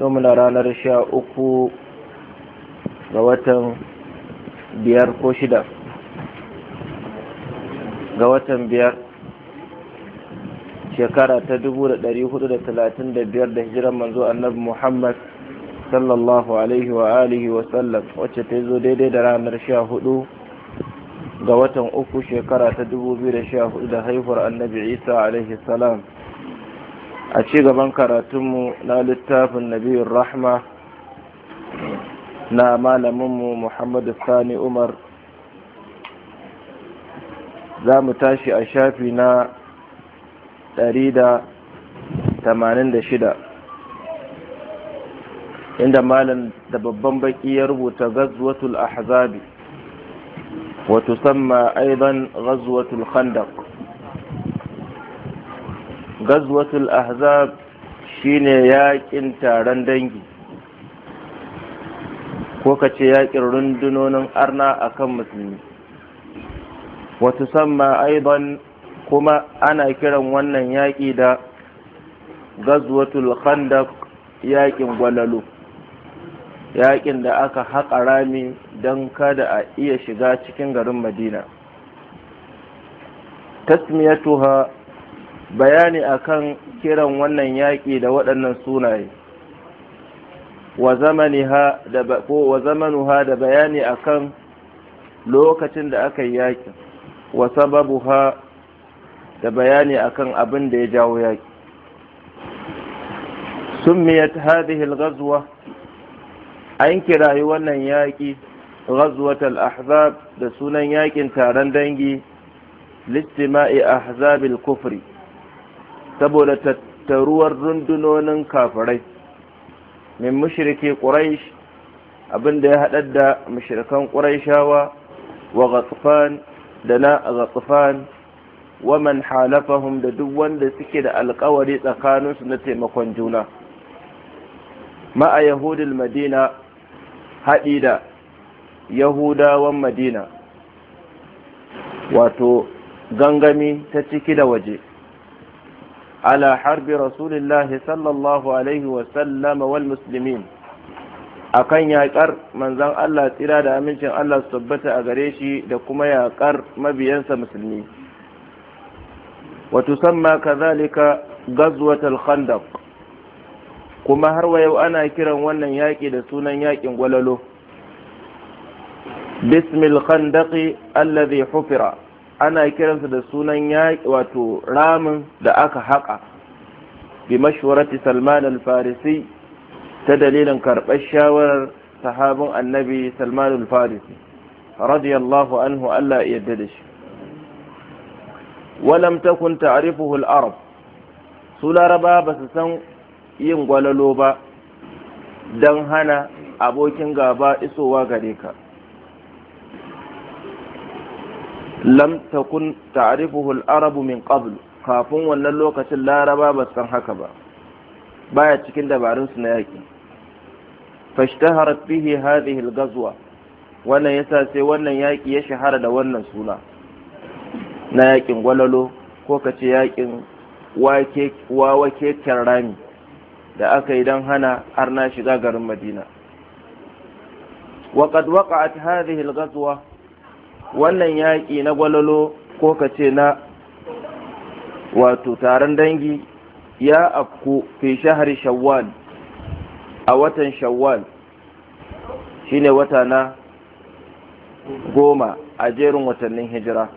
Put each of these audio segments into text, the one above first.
yau ranar sha uku ga watan biyar ko shida ga watan biyar shekara ta dubu da dari hudu da talatin da biyar da hijiran manzo annabi muhammad sallallahu alaihi wa alihi wa sallam wacce ta zo daidai da ranar sha hudu ga watan uku shekara ta dubu biyu da sha hudu da haihuwar annabi isa alaihi salam a ci gaban karatunmu na littafin nabiyar rahma na malaminmu muhammadu sani umar za mu tashi a shafi na 186 inda malam da babban baki ya rubuta gazwatul ahzabi wa tusamma aidan gazwatul khandaq gazwatul ahzab shine yakin taron dangi ko ka ce yakin rundunonin arna akan musulmi wata samma aiban kuma ana kiran wannan yaƙi da gazwatul khandaq yakin gwalalo yakin da aka haƙa rami don kada a iya shiga cikin garin madina tasmiyatuha bayani akan kiran wannan yaƙi da waɗannan sunaye wa zamaniha da ko wa da bayani akan lokacin da aka yi yaƙin wa sababu ha da bayani akan abin da ya jawo yaƙi summiyat hadhihi al-ghazwa an kirayi wannan yaƙi ghazwat al-ahzab da sunan yaƙin taron dangi listima'i ahzabil kufri saboda tattaruwar rundunonin kafirai min mushriki quraish abinda ya haɗar da mushrikan quraishawa wa ghatfan da na ghatfan wa man halafahum da duk wanda suke da alkawari tsakaninsu na taimakon juna Ma a yahudul madina haɗi da yahudawan madina wato gangami ta ciki da waje على حرب رسول الله صلى الله عليه وسلم والمسلمين akan yaƙar manzan Allah tsira da amincin Allah su tabbata a gare shi da kuma yaƙar mabiyansa musulmi wa tusamma kazalika ghazwat al-khandaq kuma har wa yau ana kiran wannan yaƙi da sunan yaƙin gwalalo bismil khandaqi alladhi hufira ana kiransa da sunan yaƙi wato ramin da aka haƙa bi mashwarati salman al-farisi ta dalilin karɓar shawarar sahabin annabi salman al-farisi radiyallahu anhu Allah ya da shi walam takun ta'rifuhu al-arab su laraba ba su san yin gwalalo ba don hana abokin gaba isowa gare ka lam takun ta'rifuhu al-arabu min qabl kafin wannan lokacin laraba ba san haka ba baya cikin dabarun su na yaki fashtaharat bihi hadhihi al-ghazwa wannan yasa sai wannan yaki ya shahara da wannan suna na yakin gwalalo ko kace yakin wake wawake rami da aka yi don hana har na shiga garin madina وقد وقعت هذه الغزوة wannan yaƙi na gwalolo ko ka ce na wato taron dangi ya afku fi shahar shawwal a watan shawwal shine wata na goma a jerin watannin hijira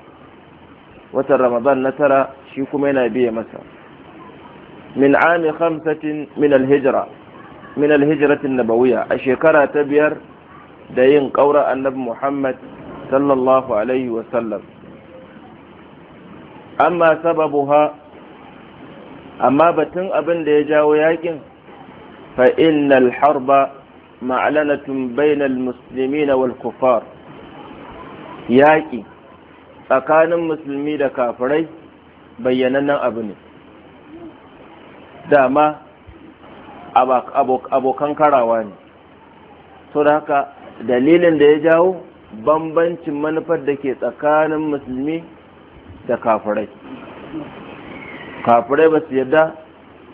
watan ramadan na tara shi kuma yana biya masa min ami khamsatin min alhijira min alhijiratin nabawiya a shekara ta biyar da yin ƙaura annabi muhammad صلى الله عليه وسلم أما سببها أما بتن أبن ليجاو ياكن فإن الحرب معلنة بين المسلمين والكفار yaƙi tsakanin musulmi da kafirai bayyanannen abu ne dama abokan karawa ne to haka dalilin da ya jawo bambancin manufar da ke tsakanin musulmi da kafirai kafirai ba su yadda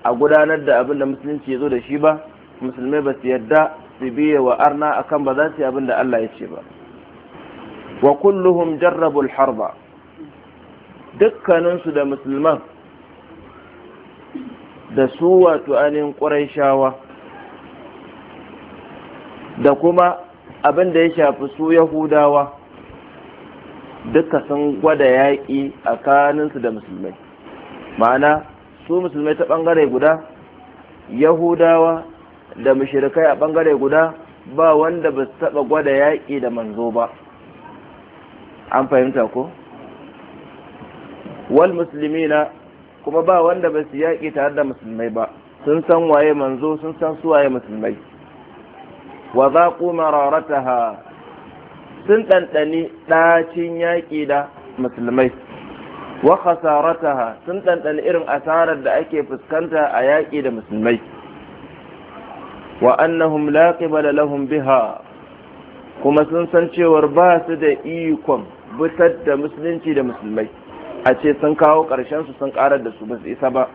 a gudanar da abin da musulunci ya zo da shi ba musulmai ba su yadda su biya wa arna kan ba za su yi abin da Allah ya ce ba wa kulluhum jarrabul harba dukkaninsu da musulman da su wato anin ƙurai shawa da kuma abin da ya shafi su yahudawa duka sun gwada yaƙi a kaninsu da musulmai ma'ana su musulmai ta ɓangare guda yahudawa da mushirikai a ɓangare guda ba wanda ba su taɓa gwada yaƙi da manzo ba an fahimta ko wal na kuma ba wanda ba su yaƙi tare da musulmai ba sun san waye manzo sun san su waye musulmai wa za zaqu mararataha sun ɗanɗani ɗacin yaƙi da musulmai wa khasarataha sun ɗanɗani irin asarar da ake fuskanta a yaƙi da musulmai wa annahum la qibala lahum biha kuma sun san cewar ba su da ikon butar da musulunci da musulmai a ce sun kawo ƙarshen su sun ƙarar da su ba su isa ba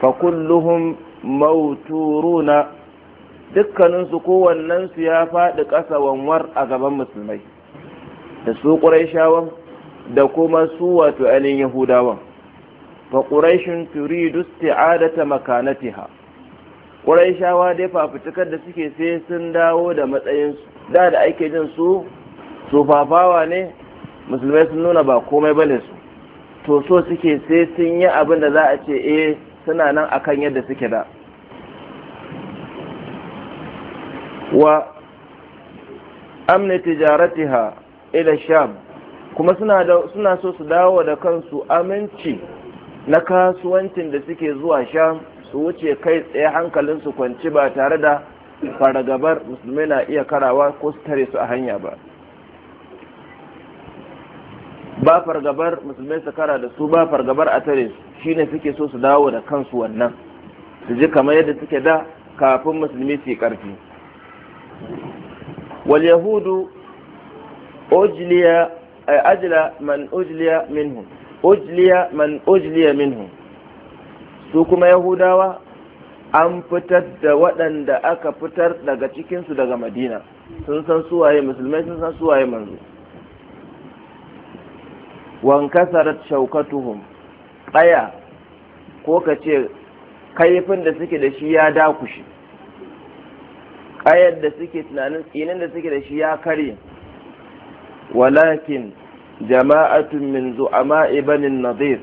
fa kulluhum mauturuna dukkaninsu kowannensu ya faɗi ƙasa wanwar a gaban musulmai da su ƙuraishawan da kuma su wato ainihin yahudawan fa ƙuraishin turidu isti'adata makanatiha ƙuraishawa dai fafutukar da suke sai sun dawo da matsayinsu da da ake jin su su fafawa ne musulmai sun nuna ba komai bane su to so suke sai sun yi abin da za a ce eh suna nan akan yadda suke da وأمن تجارتها إلى Sham kuma suna so su dawo da kansu aminci na kasuwancin da suke zuwa sham su wuce kai tsaye hankalinsu kwanci ba tare da fargabar musulmai na iya karawa ko su tare su a hanya ba ba fargabar musulmai su kara da su ba fargabar a tare su shine suke so su dawo da kansu wannan su ji kamar yadda suke da kafin musulmi su yi karfi واليهود yahudu ujliya ay ajla man ujliya minhum ujliya man ujliya minhum su kuma yahudawa an fitar da waɗanda aka fitar daga cikinsu daga madina sun san suwaye musulmai sun san suwaye manzo wankasarat shaukatuhum ɗaya, ko ka ce kaifin da suke da shi ya dakushe ayar da suke tunanin tsinin da suke da shi ya karye walakin jama'atun min zu'ama ibanin nadir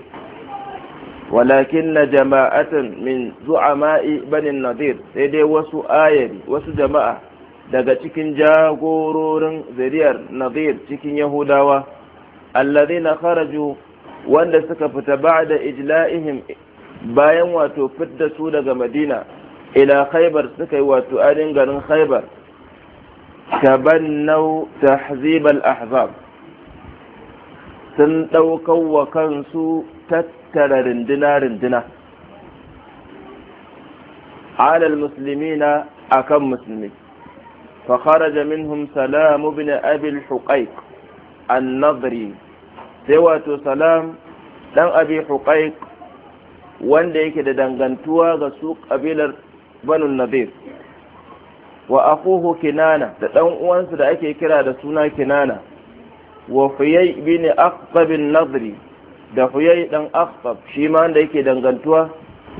walakin na jama'atun min zu'ama banin nadir sai dai wasu ayari wasu jama'a daga cikin jagororin zariyar nazir cikin yahudawa na kharaju wanda suka fita ba da ijla'ihim bayan wato fitta su daga madina ila khaybar suka yi wato adin garin khaybar tabannau tahzibal ahzab sun ɗaukar wa kansu tattara rindina-rindina alal musulmi na a kan musulmi fakharaja minhum salamu bin abil huƙaik annadri sai wato salam dan abi huƙaik wanda yake da dangantuwa ga su ƙabilar banu nadir wa akuhu kinana da dan uwansa da ake kira da suna kinana wa fiyai bin aqtab nadri da fiyai dan aqtab shi ma da yake dangantuwa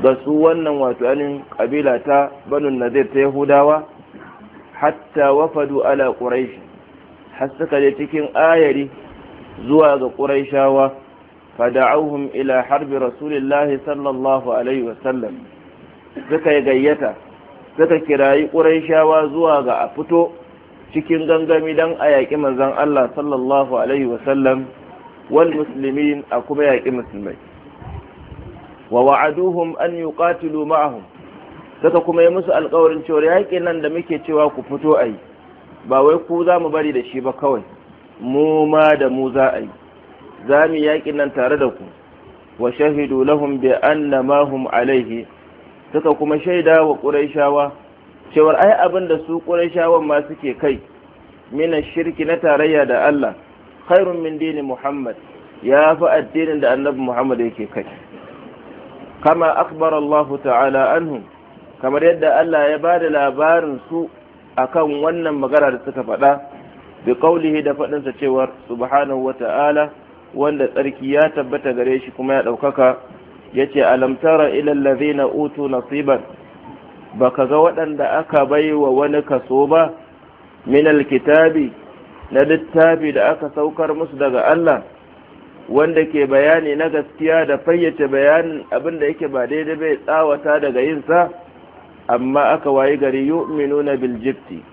ga su wannan wato anin kabila ta banu nadir ta yahudawa hatta wafadu ala quraish har suka je cikin ayari zuwa ga quraishawa fada'uhum ila harbi rasulillahi sallallahu alaihi wasallam suka yi gayyata suka kirayi shawa zuwa ga a fito cikin gangami don a yaƙi manzon Allah sallallahu alaihi wasallam wal musulmi a kuma yaƙi musulmai wa wa'aduhum an ƙatilu ma'ahun suka kuma yi musu alƙawarin cewar yaƙi nan da muke cewa ku fito a yi ba wai ku za mu bari da shi ba kawai mu ma da mu za a yi za mu yaƙi nan tare da ku wa shahidu lahum bi anna ma hum alaihi suka kuma shaida wa ƙuraishawa cewar ai abin da su ƙuraishawan ma suke kai mina shirki na tarayya da Allah khairun min dini Muhammad ya fi addinin da annabi Muhammad yake kai kama akbar Allah ta'ala anhu kamar yadda Allah ya ba da labarin su akan wannan magana da suka faɗa bi qaulihi da faɗinsa cewa subhanahu wa ta'ala wanda tsarki ya tabbata gare shi kuma ya ɗaukaka yace alam tara ila allazina utu nasiban baka ga waɗanda aka baiwa wani kaso ba Minal kitabi na littafi da aka saukar musu daga Allah wanda ke bayani na gaskiya da fayyace bayanin abin da yake ba daidai bai tsawata daga yin sa amma aka wayi gari yu'minuna bil jibti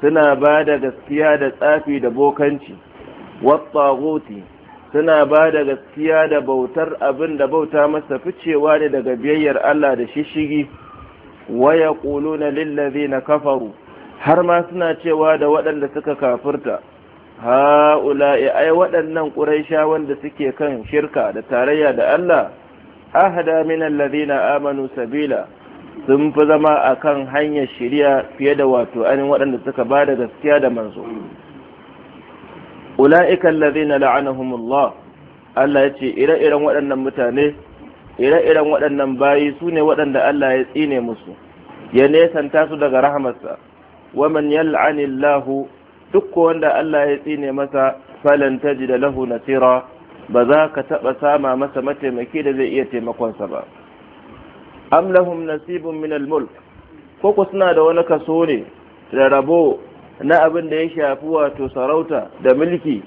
suna ba da gaskiya da tsafi da bokanci wat suna ba da gaskiya da bautar abin da bauta masa ficewa ne daga biyayyar Allah da shishigi waya na lillazi na kafaru har ma suna cewa da waɗanda suka kafurta, ha'ula'i ai waɗannan ƙuraisha wanda suke kan shirka da tarayya da Allah ahada min na amanu sabila sun fi zama a kan hanyar shirya fiye da wato ainihin waɗanda suka ba da gaskiya da manzo ula'ika allazina la'anahumullah Allah ya ce ire-iren waɗannan mutane ire-iren waɗannan bayi su ne waɗanda Allah ya tsine musu ya nesanta su daga rahamarsa wa man yal'anillahu duk wanda Allah ya tsine masa falan tajida lahu nasira ba za ka taɓa sama masa mataimaki da zai iya taimakonsa ba am lahum nasibun min al-mulk ko ku suna da wani kaso ne da rabo na abin da ya shafi wato sarauta da mulki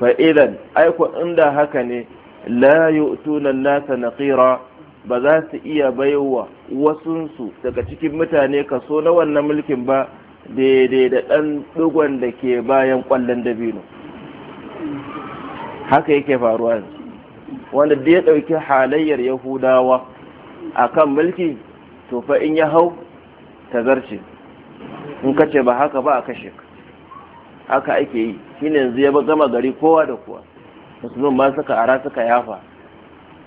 fa idan aiko inda haka ne la yu'tuna an-nasa naqira ba za su iya baiwa wasunsu daga cikin mutane kaso na wannan mulkin ba daidai da ɗan ɗugon da ke bayan ƙwallon dabino haka yake faruwa wanda da ya ɗauki halayyar yahudawa a kan mulki to in ya hau ta zarce in ka ce ba haka ba a kashe ka haka ake yi ne yanzu ya gama gari kowa da kowa musulun ba suka ara suka yafa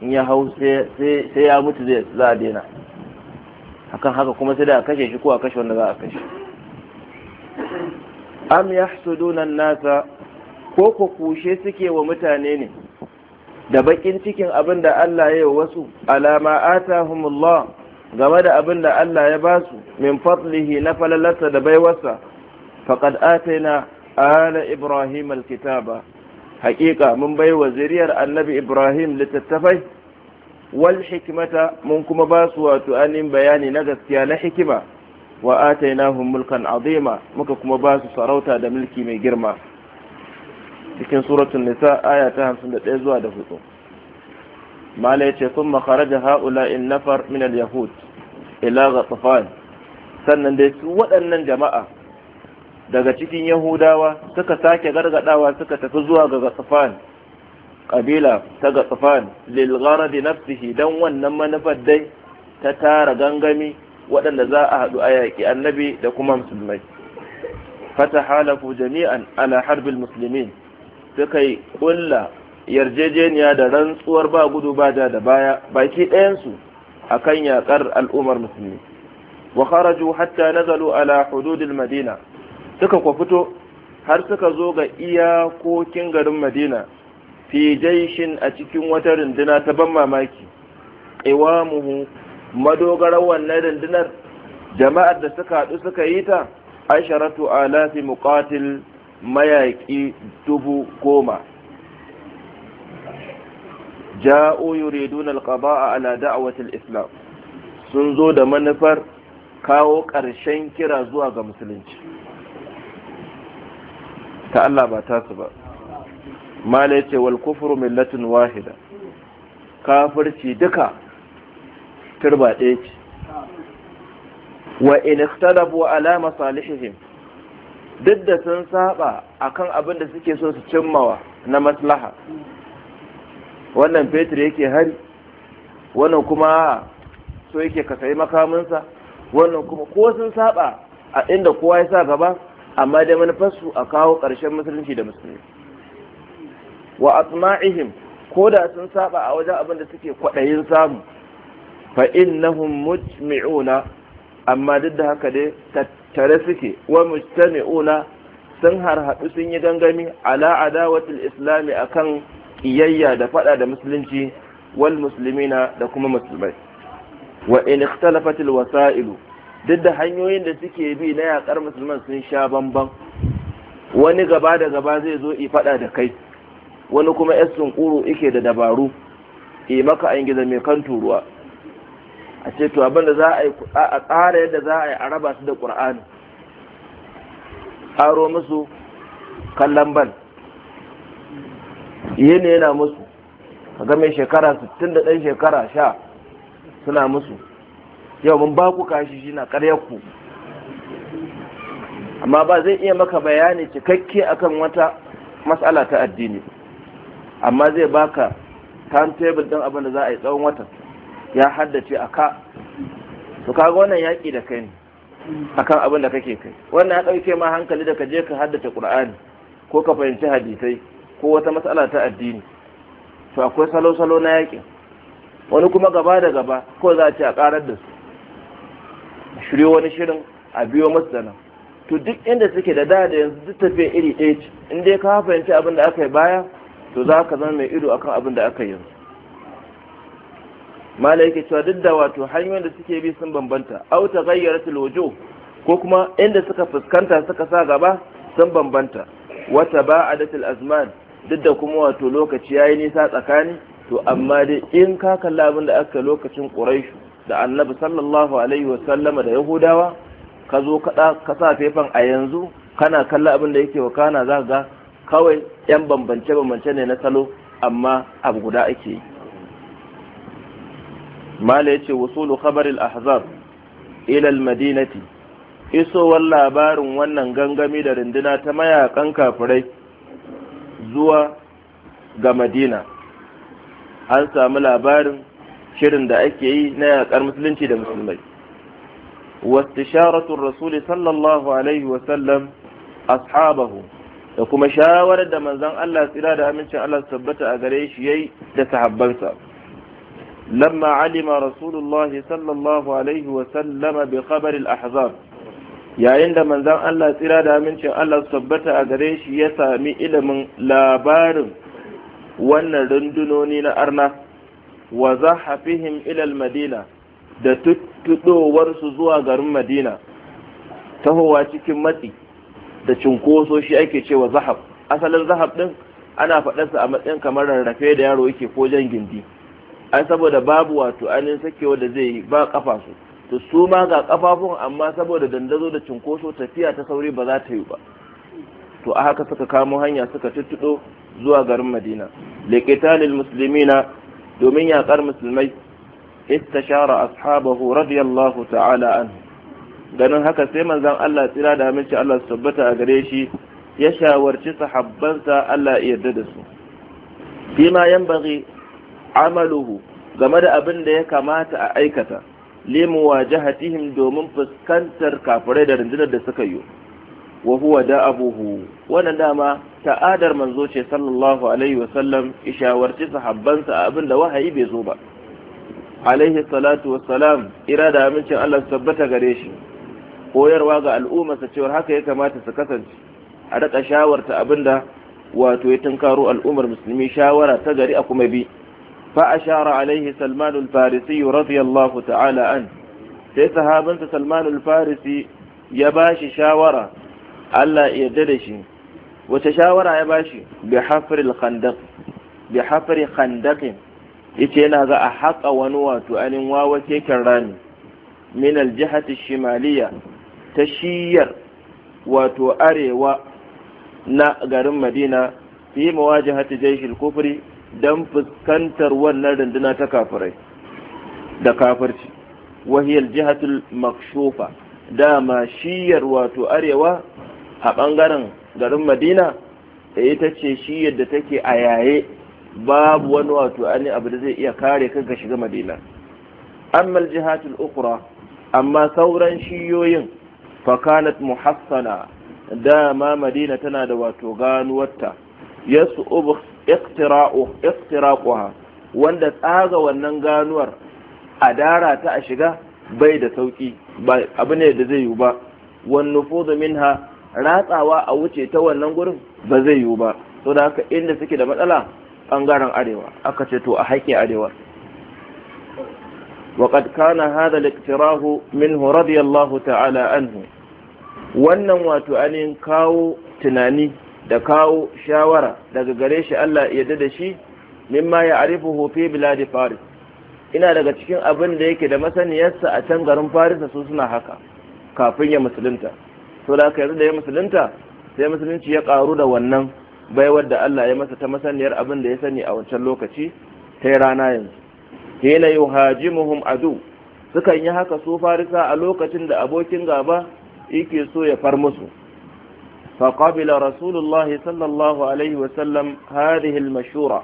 in ya hau sai ya mutu zai za a daina hakan haka kuma sai da a kashe shi ko a kashe wanda za a kashe am ya nan nasa ko ku kushe suke wa mutane ne da bakin cikin abin da Allah ya yi wasu alama atahumullah game da abin da Allah ya ba su min fadlihi na falalarsa da baiwarsa faqad atayna ala ibrahim alkitaba haƙiƙa mun bai wa zuriyar annabi ibrahim littattafai wal hikmata mun kuma ba su wato anin bayani na gaskiya na hikima wa atainahum mulkan azima muka kuma ba su sarauta da mulki mai girma cikin suratul nisa aya ta ɗaya zuwa da 4 mala yace kuma haula in nafar min yahud ila tsofan sannan dai su waɗannan jama'a daga cikin yahudawa suka sake gargadawa suka tafi zuwa ga tsofan kabila ta tsofan lilgara da nafsihi dan wannan manufar dai ta tara gangami waɗanda za a haɗu a yaƙi annabi da kuma musulmai fata halafu jami'an ala harbin musulmin suka yi ƙulla yarjejeniya da rantsuwar ba gudu ba da da baya baki ɗayansu akan yakar al'ummar musulmi wa kharaju hatta nazalu ala hududil madina suka kwa fito har suka zo ga iyakokin garin madina fi jaishin a cikin wata runduna ta ban mamaki iwamuhu madogarar wannan rundunar jama'ar da suka haɗu suka yi ta asharatu alafi muqatil mayaƙi dubu goma ja'u yuridun alqada'a ala da'wati alislam sun zo da manufar kawo ƙarshen kira zuwa ga musulunci ta Allah ba ta su ba mala yace wal kufru millatun wahida kafirci duka turba ɗaya ce wa in ikhtalafu ala masalihihim duk da sun saba akan abin da suke so su cimmawa na maslaha wannan fetur yake hari wannan kuma so yake ka sayi makaminsa wannan kuma ko sun saba a inda kowa ya sa gaba amma dai manufarsu a kawo ƙarshen musulunci da musulmi wa asma'ihim ko da sun saba a wajen abin da suke kwaɗayin samu fa innahum mujmi'una amma duk da haka dai tattare suke wa mujtami'una sun harhaɗu sun yi gangami ala adawatul islami akan kiyayya da fada da musulunci wal muslimina da kuma musulmai wa in ikhtalafat al wasailu duk da hanyoyin da suke bi na yakar musulman sun sha bamban wani gaba da gaba zai zo i fada da kai wani kuma sun sunkuru yake da dabaru i maka an gizo mai kan turuwa a ce to abinda za a yi a tsara yadda za a yi a raba su da ƙur'ani aro musu kallon ban ne yana musu kaga mai shekara 60 da ɗan shekara sha suna musu yau mun baku ku kashi shi na karyar ku amma ba zai iya maka bayani cikakke akan wata matsala ta addini amma zai baka timetable ɗin abin da za a yi tsawon watan ya haddace a ka Su kaga wannan yaƙi da kai ne akan abin da kake kai wannan ya ɗauke ma hankali da ka je ka haddace ƙur'ani ko ka fahimci hadisai ko wata matsala ta addini to akwai salo-salo na yakin wani kuma gaba da gaba ko za a ce a karar da su shirya wani shirin a biyo masu da to duk inda suke da da da yanzu duk tafiya iri ɗaya ce in dai ka fahimci abin da aka yi baya to za ka zama mai ido akan abin da aka yi yanzu mala yake cewa duk da wato hanyoyin da suke bi sun bambanta au ta gayyara tilwajo ko kuma inda suka fuskanta suka sa gaba sun bambanta wata ba a datil azman duk da kuma wato lokaci ya yi nisa tsakani to amma dai in ka kalla abin da aka lokacin ƙuraishu da annabi sallallahu alaihi wasallama da yahudawa ka zo ka sa fefan a yanzu kana kalla abin da yake wakana za ga kawai yan bambance bambance ne na salo amma abu guda ake yi mala yace wusulu khabaril ahzab ila madinati isowar labarin wannan gangami da rinduna ta mayakan kafirai zuwa ga madina an samu labarin shirin da ake yi na yaƙar musulunci da musulmai sharatun rasuli sallallahu alaihi wasallam ashabahu da kuma shawarar da manzon Allah tsira da amincin Allah tabbata a gare shi yayi da sahabbansa lamma alima rasulullahi sallallahu alaihi wa sallama bi khabari al ahzab yayin da manzan Allah tsira da amincin Allah su tabbata a gare shi ya sami ilimin labarin wannan rundunoni na arna wa za hafihim ilal madina da tuttuɗowarsu zuwa garin madina tahowa cikin matsi da cinkoso shi ake cewa zahab asalin zahab ɗin ana faɗarsa a matsayin kamar rarrafe da yaro yake ko jan gindi ai saboda babu wato ainihin sakewa da zai yi ba kafa su to su ma ga kafafun amma saboda dandazo da cinkoso tafiya ta sauri ba za ta yi ba to a haka suka kamo hanya suka tuttudo zuwa garin madina liqitalil muslimina domin yakar musulmai istashara ashabahu radiyallahu ta'ala anhu ganin haka sai manzon Allah tsira da aminci Allah su tabbata a gare shi ya shawarci sahabbansa Allah ya yarda da su bima yanbaghi amaluhu game da abin da ya kamata a aikata limu wajahatihim domin fuskantar kafirai da rundunar da suka yi wa huwa da abuhu wannan dama ta'adar manzo ce sallallahu alaihi sallam" ishawarci sahabbansa abin da wahayi bai zo ba alaihi salatu wa salam irada amincin Allah su tabbata gare shi koyarwa ga sa cewa haka ya kamata su kasance a rika shawarta abinda wato ya tunkaro al'ummar musulmi shawara ta gari a kuma bi fa'a عليه سلمان الفارسي رضي الله تعالى عنه sai sahabansa salman al ya bashi shawara Allah ya yarda shi wace shawara ya bashi bi hafri al-khandaq bi hafri khandaq yace yana za a haƙa wani wato anin wawa keken rami min al-jihati shimaliya ta shiyar wato arewa na garin Madina fi mawajahati jaishil kufri don fuskantar wannan runduna ta kafirai da kafirci wahiyar jihatul makshufa dama shiyar wato arewa a bangaren garin madina da ita ce shiyar da take a yaye babu wani wato ani abu da zai iya kare ka shiga madina amma jihatul ukra amma sauran shiyoyin fakanat muhassana dama madina tana da wato ganuwarta yasu ubu iktiraquha wanda tsaga wannan ganuwar a dara ta a shiga bai da sauƙi. ba abu ne da zai yiwu ba wan nufudu minha ratsawa a wuce ta wannan gurin ba zai yiwu ba to da haka inda suke da matsala bangaren arewa aka ce to a haƙe arewa وقد كان هذا liktirahu منه رضي الله تعالى عنه wannan wato anin kawo tunani da kawo shawara daga gare shi Allah ya da shi mimma ya arifu hufi biladi faris ina daga cikin abin da yake da masaniyarsa a can garin faris su suna haka kafin ya musulunta to da aka yanzu da ya musulunta sai musulunci ya karu da wannan baiwar da Allah ya masa ta masaniyar abin da ya sani a wancan lokaci ta rana yanzu hina yuhajimuhum adu sukan yi haka su farisa a lokacin da abokin gaba yake so ya far musu فقبل رسول الله صلى الله عليه وسلم هذه المشورة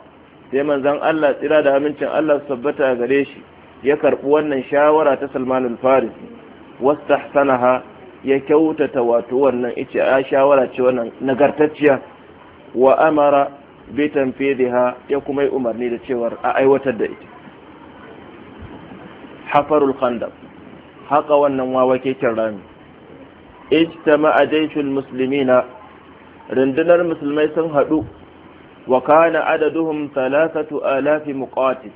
sai manzon Allah tsira da amincin Allah su tabbata a gare shi ya karɓi wannan shawara ta Salman al-Farisi wastahsanaha ya kyautata wato wannan ice a shawara wannan nagartacciya wa amara bi tanfidiha ya kuma yi umarni da cewar a aiwatar da ita hafarul khandaq haka wannan wawa keken rami ijtama'a jayshul musulmina, rundunar musulmai sun haɗu wa kana adaduhum thalathatu alafi muqatil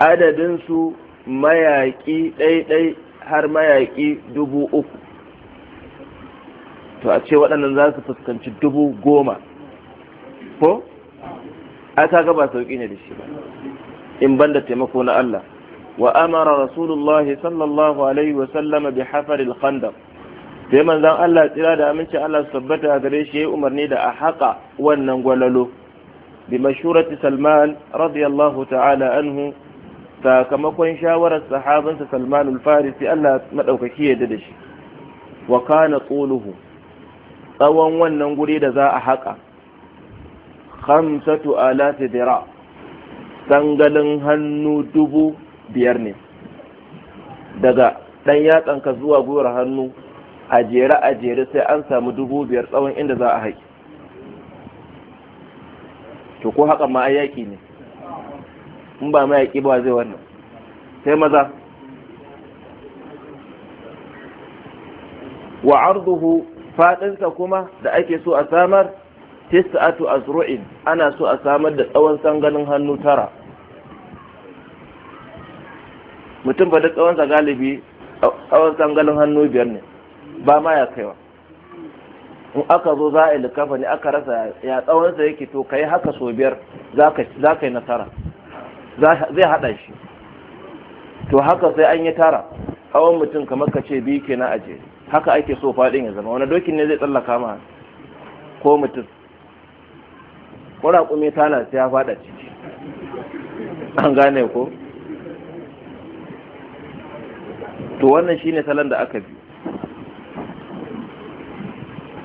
adadin su mayaƙi ɗaiɗai har mayaƙi dubu uku to a ce waɗannan za su fuskanci dubu goma ko ai kaga ba sauƙi ne da shi ba in ban da taimako na Allah wa amara rasulullahi sallallahu alaihi wa sallama bi hafaril khandaq sai manzan Allah tsira da aminci Allah su tabbata a gare shi ya umarni da a haƙa wannan gwalalo bi mashurati salman radiyallahu ta'ala anhu sakamakon shawarar sahabansa salman al-farisi Allah madaukaki ya da shi wa kana tsuluhu tsawon wannan guri da za a haƙa khamsatu alati dira sangalin hannu dubu biyar ne daga ɗan yatsanka zuwa gwiwar hannu a jere a jere sai an samu dubu biyar tsawon inda za a haƙi to ko haka ma yaƙi ne in ba ma yaƙi ba zai wannan sai maza wa arduhu faɗinsa kuma da ake so a samar tis'atu azru'in ana so a samar da tsawon sanganin hannu tara mutum ba da tsawon galibi tsawon sanganin hannu biyar ne ba ma ya kaiwa in aka zo za a likafa ne aka rasa ya tsawonsa yake to ka yi haka so biyar za ka yi nasara zai haɗa shi to haka sai an yi tara tsawon mutum kamar ka ce biyu kenan a jere haka ake so faɗin ya zama wani dokin ne zai tsallaka ma ko mutum kurakume tana sai ya faɗa ciki an gane ko to wannan shine salon da aka bi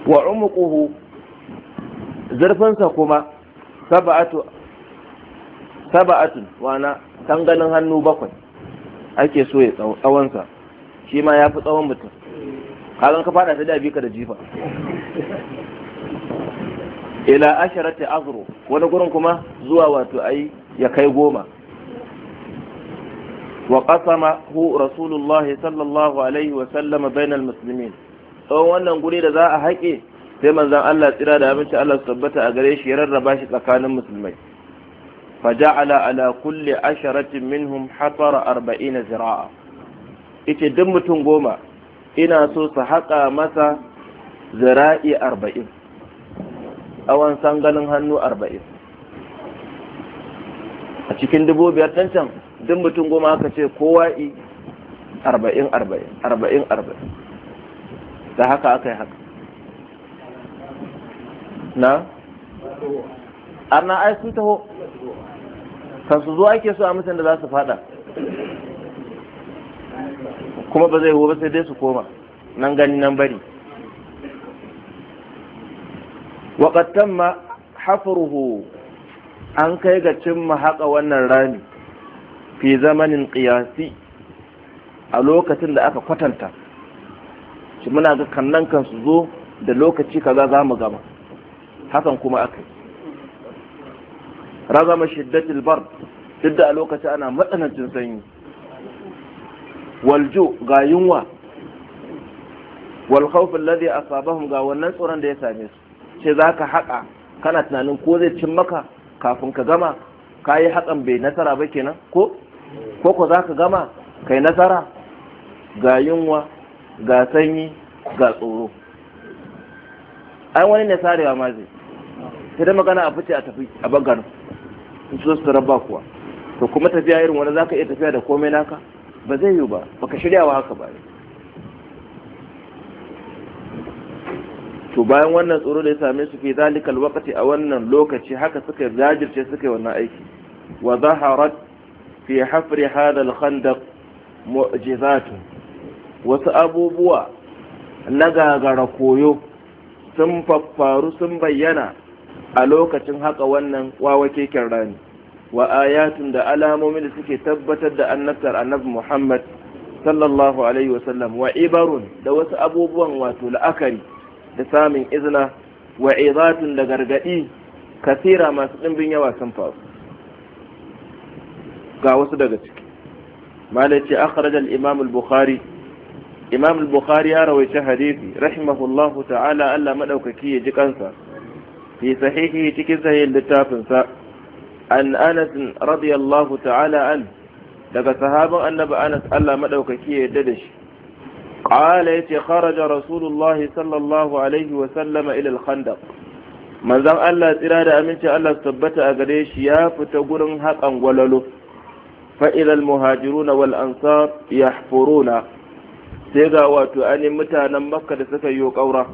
wa umquhu zurfinsa kuma sab'atu sab'atun wana tanganin hannu bakwai ake so ya tsawonsa shi ma ya fi tsawon mutum kagan ka fada ta dabi ka da jifa ila asharati azru wani gurin kuma zuwa wato ai ya kai goma wa qasama hu rasulullahi sallallahu alaihi wa sallama bainal muslimin tsawon wannan guri da za a haƙe sai manzan Allah tsira da abinci Allah su tabbata a gare shi ya rarraba shi tsakanin musulmai faja'ala ala kulli asharatin minhum hatara arba'ina zira'a ita duk mutum goma ina so su haƙa masa zira'i arba'in awan sanganin hannu arba'in a cikin dubu biyar can can duk mutum goma aka ce kowa arba'in arba'in arba'in arba'in da haka aka yi haka na arna ai sun taho kan su zo ake so a mutan da za su fada kuma ba zai ba sai dai su koma nan gani nan bari waƙattan tamma hafurhu an kai ga cimma haƙa wannan rami fi zamanin ƙiyasi a lokacin da aka kwatanta su muna ga kannan kansu zo da lokaci kaza za mu gama hakan kuma aka raza shiddatil bar duk da a lokaci ana matsanancin sanyi waljo ga yunwa wal khawf alladhi asabahum ga wannan tsoron da ya same su ce zaka haƙa kana tunanin ko zai cin maka kafin ka gama kayi haƙan bai nasara ba kenan ko ko ko zaka gama kai nasara ga yunwa ga sanyi ga tsoro ai wani ne sarewa ma zai sai da magana a fice a tafi a bangaren in so su raba kuwa to kuma tafiya irin wani za ka iya tafiya da komai naka ba zai yiwu ba baka shirya wa haka ba to bayan wannan tsoro da ya same su fi zalikal lokaci a wannan lokaci haka suka zajirce suka yi wannan aiki wa zaharat fi hafri hadha al-khandaq mu'jizatun wasu abubuwa na gagara koyo sun faffaru sun bayyana a lokacin haka wannan wawa keken rani wa ayatun da alamomin da suke tabbatar da annabtar annabi muhammad sallallahu alaihi wasallam wa ibarun da wasu abubuwan wato la'akari da samun izina wa izatun da gargadi kasira masu ɗimbin yawa sun faru ga wasu daga ciki malaci akhrajal imam al-bukhari imam al-bukhari ya rawaita hadisi rahimahullahu ta'ala Allah madaukaki ya ji kansa fi sahihi cikin sahihin littafin sa an anas radiyallahu ta'ala an daga sahaban annabi anas Allah madaukaki ya yarda da shi qala yace kharaja rasulullahi sallallahu alaihi wa sallama ila al-khandaq manzon Allah tsira da aminci Allah tabbata a gare shi ya fita gurin hakan gwalalo fa ila al-muhajiruna wal ansar yahfuruna sai ga wato yi mutanen makka da suka yi ƙaura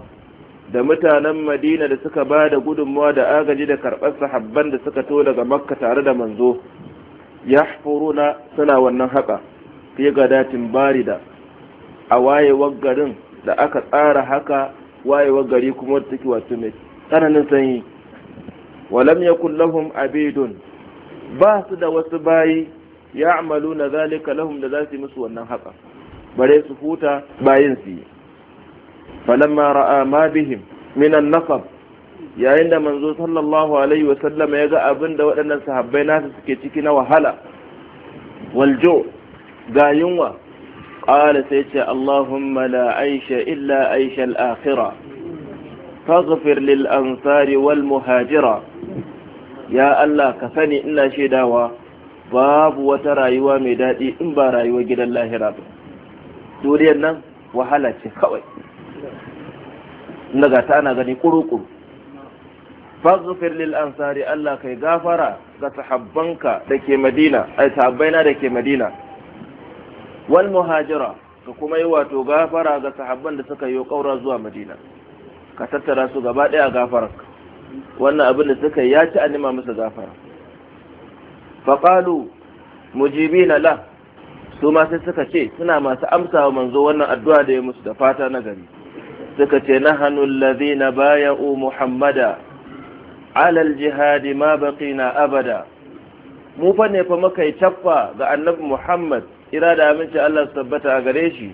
da mutanen madina da suka ba da gudunmawa da agaji da karɓar sahabban da suka to daga makka tare da manzo ya na suna wannan haka sai ga datin da a wayewar garin da aka tsara haka wayewar gari kuma da take wato mai tsananin sanyi walam ya lahum abidun ba su da wasu bayi ya amalu na zalika lahum da za su yi musu wannan haka bare su huta bayin su yi falamma ra'a ma bihim minan nasab yayin da manzo sallallahu alaihi wasallam ya ga abin da waɗannan sahabbai nasa suke ciki na wahala waljo ga yunwa ƙala sai ce allahumma la aisha illa aisha al'akhira faghfir lil ansari wal muhajira ya allah ka sani ina shaidawa babu wata rayuwa mai daɗi in ba rayuwar gidan lahira ba duniyar nan wahala ce kawai inda ta ana gani kuru-kuru faghfir lil ansari Allah kai gafara ga sahabbanka da ke Madina ai sahabbaina da ke Madina wal muhajira ka kuma yi wato gafara ga sahabban da suka yi kaura zuwa Madina ka tattara su gaba daya gafara wannan abin da suka yi ya ci a nima musu gafara faqalu mujibina la su ma sai suka ce suna masu amsa wa manzo wannan addu'a da ya musu da fata na gari suka ce na hannun na u muhammada alal jihadi ma na abada mu fa ne fa muka yi taffa ga annabi muhammad ira da aminci allah su tabbata a gare shi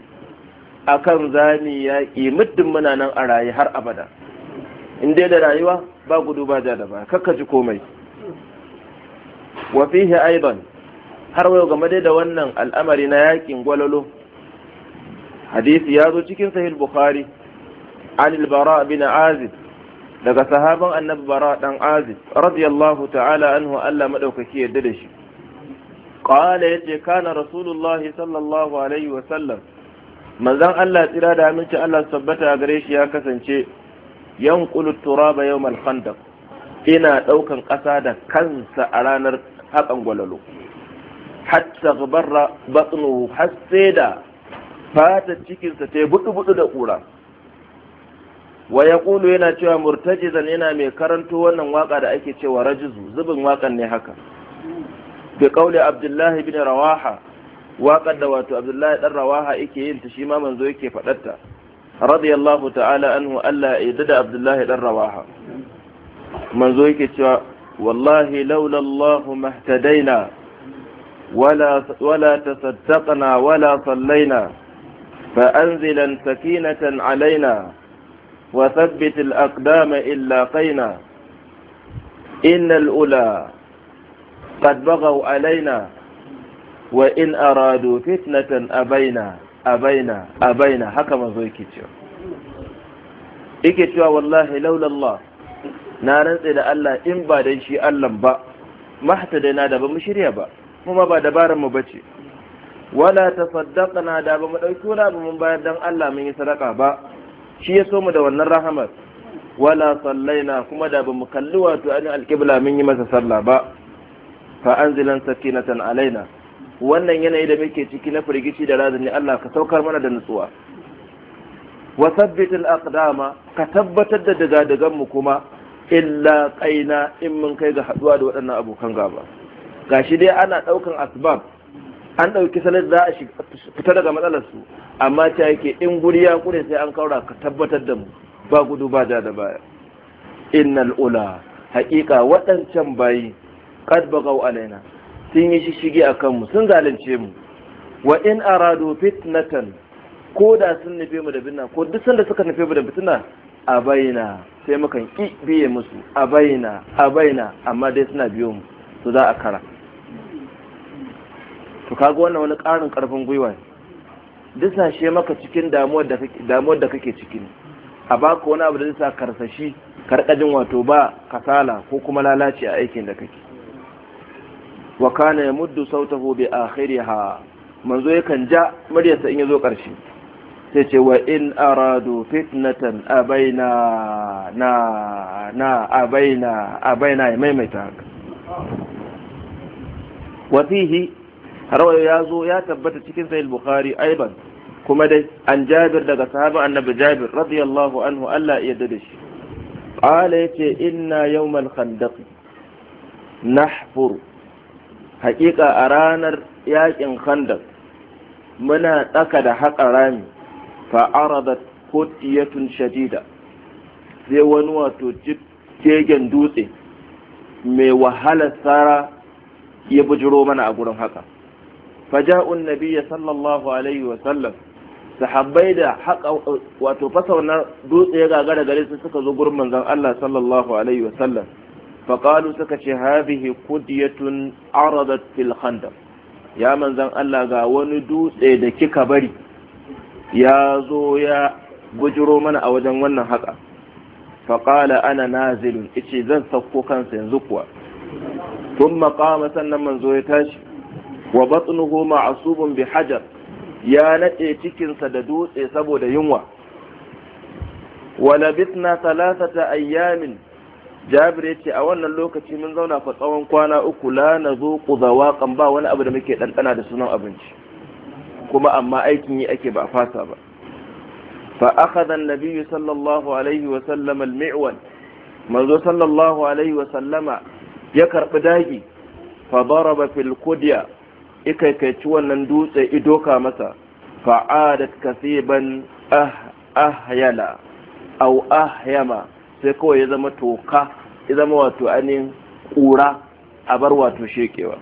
akan zami yaƙi muddin muna nan a rayu har abada in dai da rayuwa ba gudu ba ja da ba kakka ji komai wa fihi aiban har wayo game dai da wannan al'amari na yakin gwalolo hadisi ya zo cikin sahih bukhari an al-bara bin azib daga sahaban annabi bara dan azib radiyallahu ta'ala anhu Allah madaukaki yadda da shi qala yace kana rasulullahi sallallahu alaihi wa sallam manzon Allah tsira da aminci Allah sabbata gare shi ya kasance yanqulu turaba yawm al-khandaq ina daukan kasa da kansa a ranar hakan gwalalo hatta barra batsunuhu har sai da fata cikinsa ta budu budu da kura wa ya ƙulu yana cewa murtajizan yana mai karanto wannan waka da ake cewa rajizu zubin wakan ne haka bi kauli abdullahi bin rawaha waƙar da wato abdullahi dan rawaha yake yin ta shi ma manzo yake faɗarta radiyallahu ta'ala anhu Allah ya yarda da abdullahi dan rawaha manzo yake cewa wallahi laula Allah mahtadaina ولا ولا تصدقنا ولا صلينا فأنزلا سكينة علينا وثبت الأقدام إلا قينا إن الأولى قد بغوا علينا وإن أرادوا فتنة أبينا أبينا أبينا هكما ذو يكتشو يكتشو والله لولا الله نارنس إلى الله إن بعد شيء ألم با ما اهتدينا دابا مشريا با kuma ba dabarar mu bace wala tasaddaqna da ba mu dauki wani abu mun bayar dan Allah mun yi sadaka ba shi ya so mu da wannan rahamar wala sallaina kuma da ba mu kalli wato an alqibla mun yi masa sallah ba fa anzilan sakinatan alaina wannan yanayi da muke ciki na firgici da razani Allah ka saukar mana da nutsuwa wa sabbit al-aqdama ka tabbatar da daga daga mu kuma illa qaina in mun kai ga haduwa da waɗannan abokan gaba gashi dai ana ɗaukan asbab an ɗauki sanar za a fita daga matsalar su amma ta yake in guri ya kure sai an kaura ka tabbatar da mu ba gudu ba da da baya innal ula haƙiƙa waɗancan bayi qad bagaw alaina sun yi shishige a kanmu sun zalunce mu wa in aradu fitnatan ko da sun nufe mu da binna ko duk sanda suka nufe mu da fitina a baina sai mukan ki biye musu a baina a baina amma dai suna biyo mu to za a kara to kaga wannan wani ƙarin ƙarfin gwiwa ne disashe maka cikin damuwar da kake ciki a baka wani abu da zai sa karsashi karkajin wato ba kasala ko kuma lalaci a aikin da kake wa kana ya muddu sautahu bi akhiriha manzo yakan ja muryarsa in yazo karshe sai ce wa in aradu fitnatan abaina na na abaina abaina ya maimaita haka wa fihi rawayo ya zo ya tabbata cikin sahih bukhari aiban kuma dai an jabir daga sahaba annabi jabir radiyallahu anhu Allah ya yarda shi qala yace inna yawmal khandaq nahfur haƙiƙa a ranar yakin khandaq muna tsaka da haƙa rami fa'aradat kotiyatun shadida sai wani wato kegen dutse mai wahalar sara ya bujiro mana a gurin haka faja'un nabiyya sallallahu alaihi wa sallam sahabbai da haka wato fasaunar dutse ya gagara gare su suka zo gurin manzon Allah sallallahu alaihi wa sallam faqalu suka ce hadhihi qudyatun aradat fil khandaq ya manzon Allah ga wani dutse da kika bari ya zo ya bujiro mana a wajen wannan haka faqala ana nazilun ice zan sauko kansa yanzu kuwa tun maƙama sannan manzo ya tashi wa batnuhu ma'asubun bi hajar ya naɗe cikinsa da dutse saboda yunwa wa labitna thalathata ayyamin jabir ya ce a wannan lokaci mun zauna fa tsawon kwana uku la na zo kuzawaƙan ba wani abu da muke ɗanɗana da sunan abinci kuma amma aikin yi ake ba a fasa ba fa akhadha an sallallahu alaihi wa sallam al-mi'wan manzo sallallahu alaihi wa sallama ya karbi dagi fa daraba fil qudya ikaikaici wannan dutse idoka masa fa'adat kasiban ah, ahyala au ahyama sai kawai ya zama toka ya zama wato anin ƙura a bar wato shekewa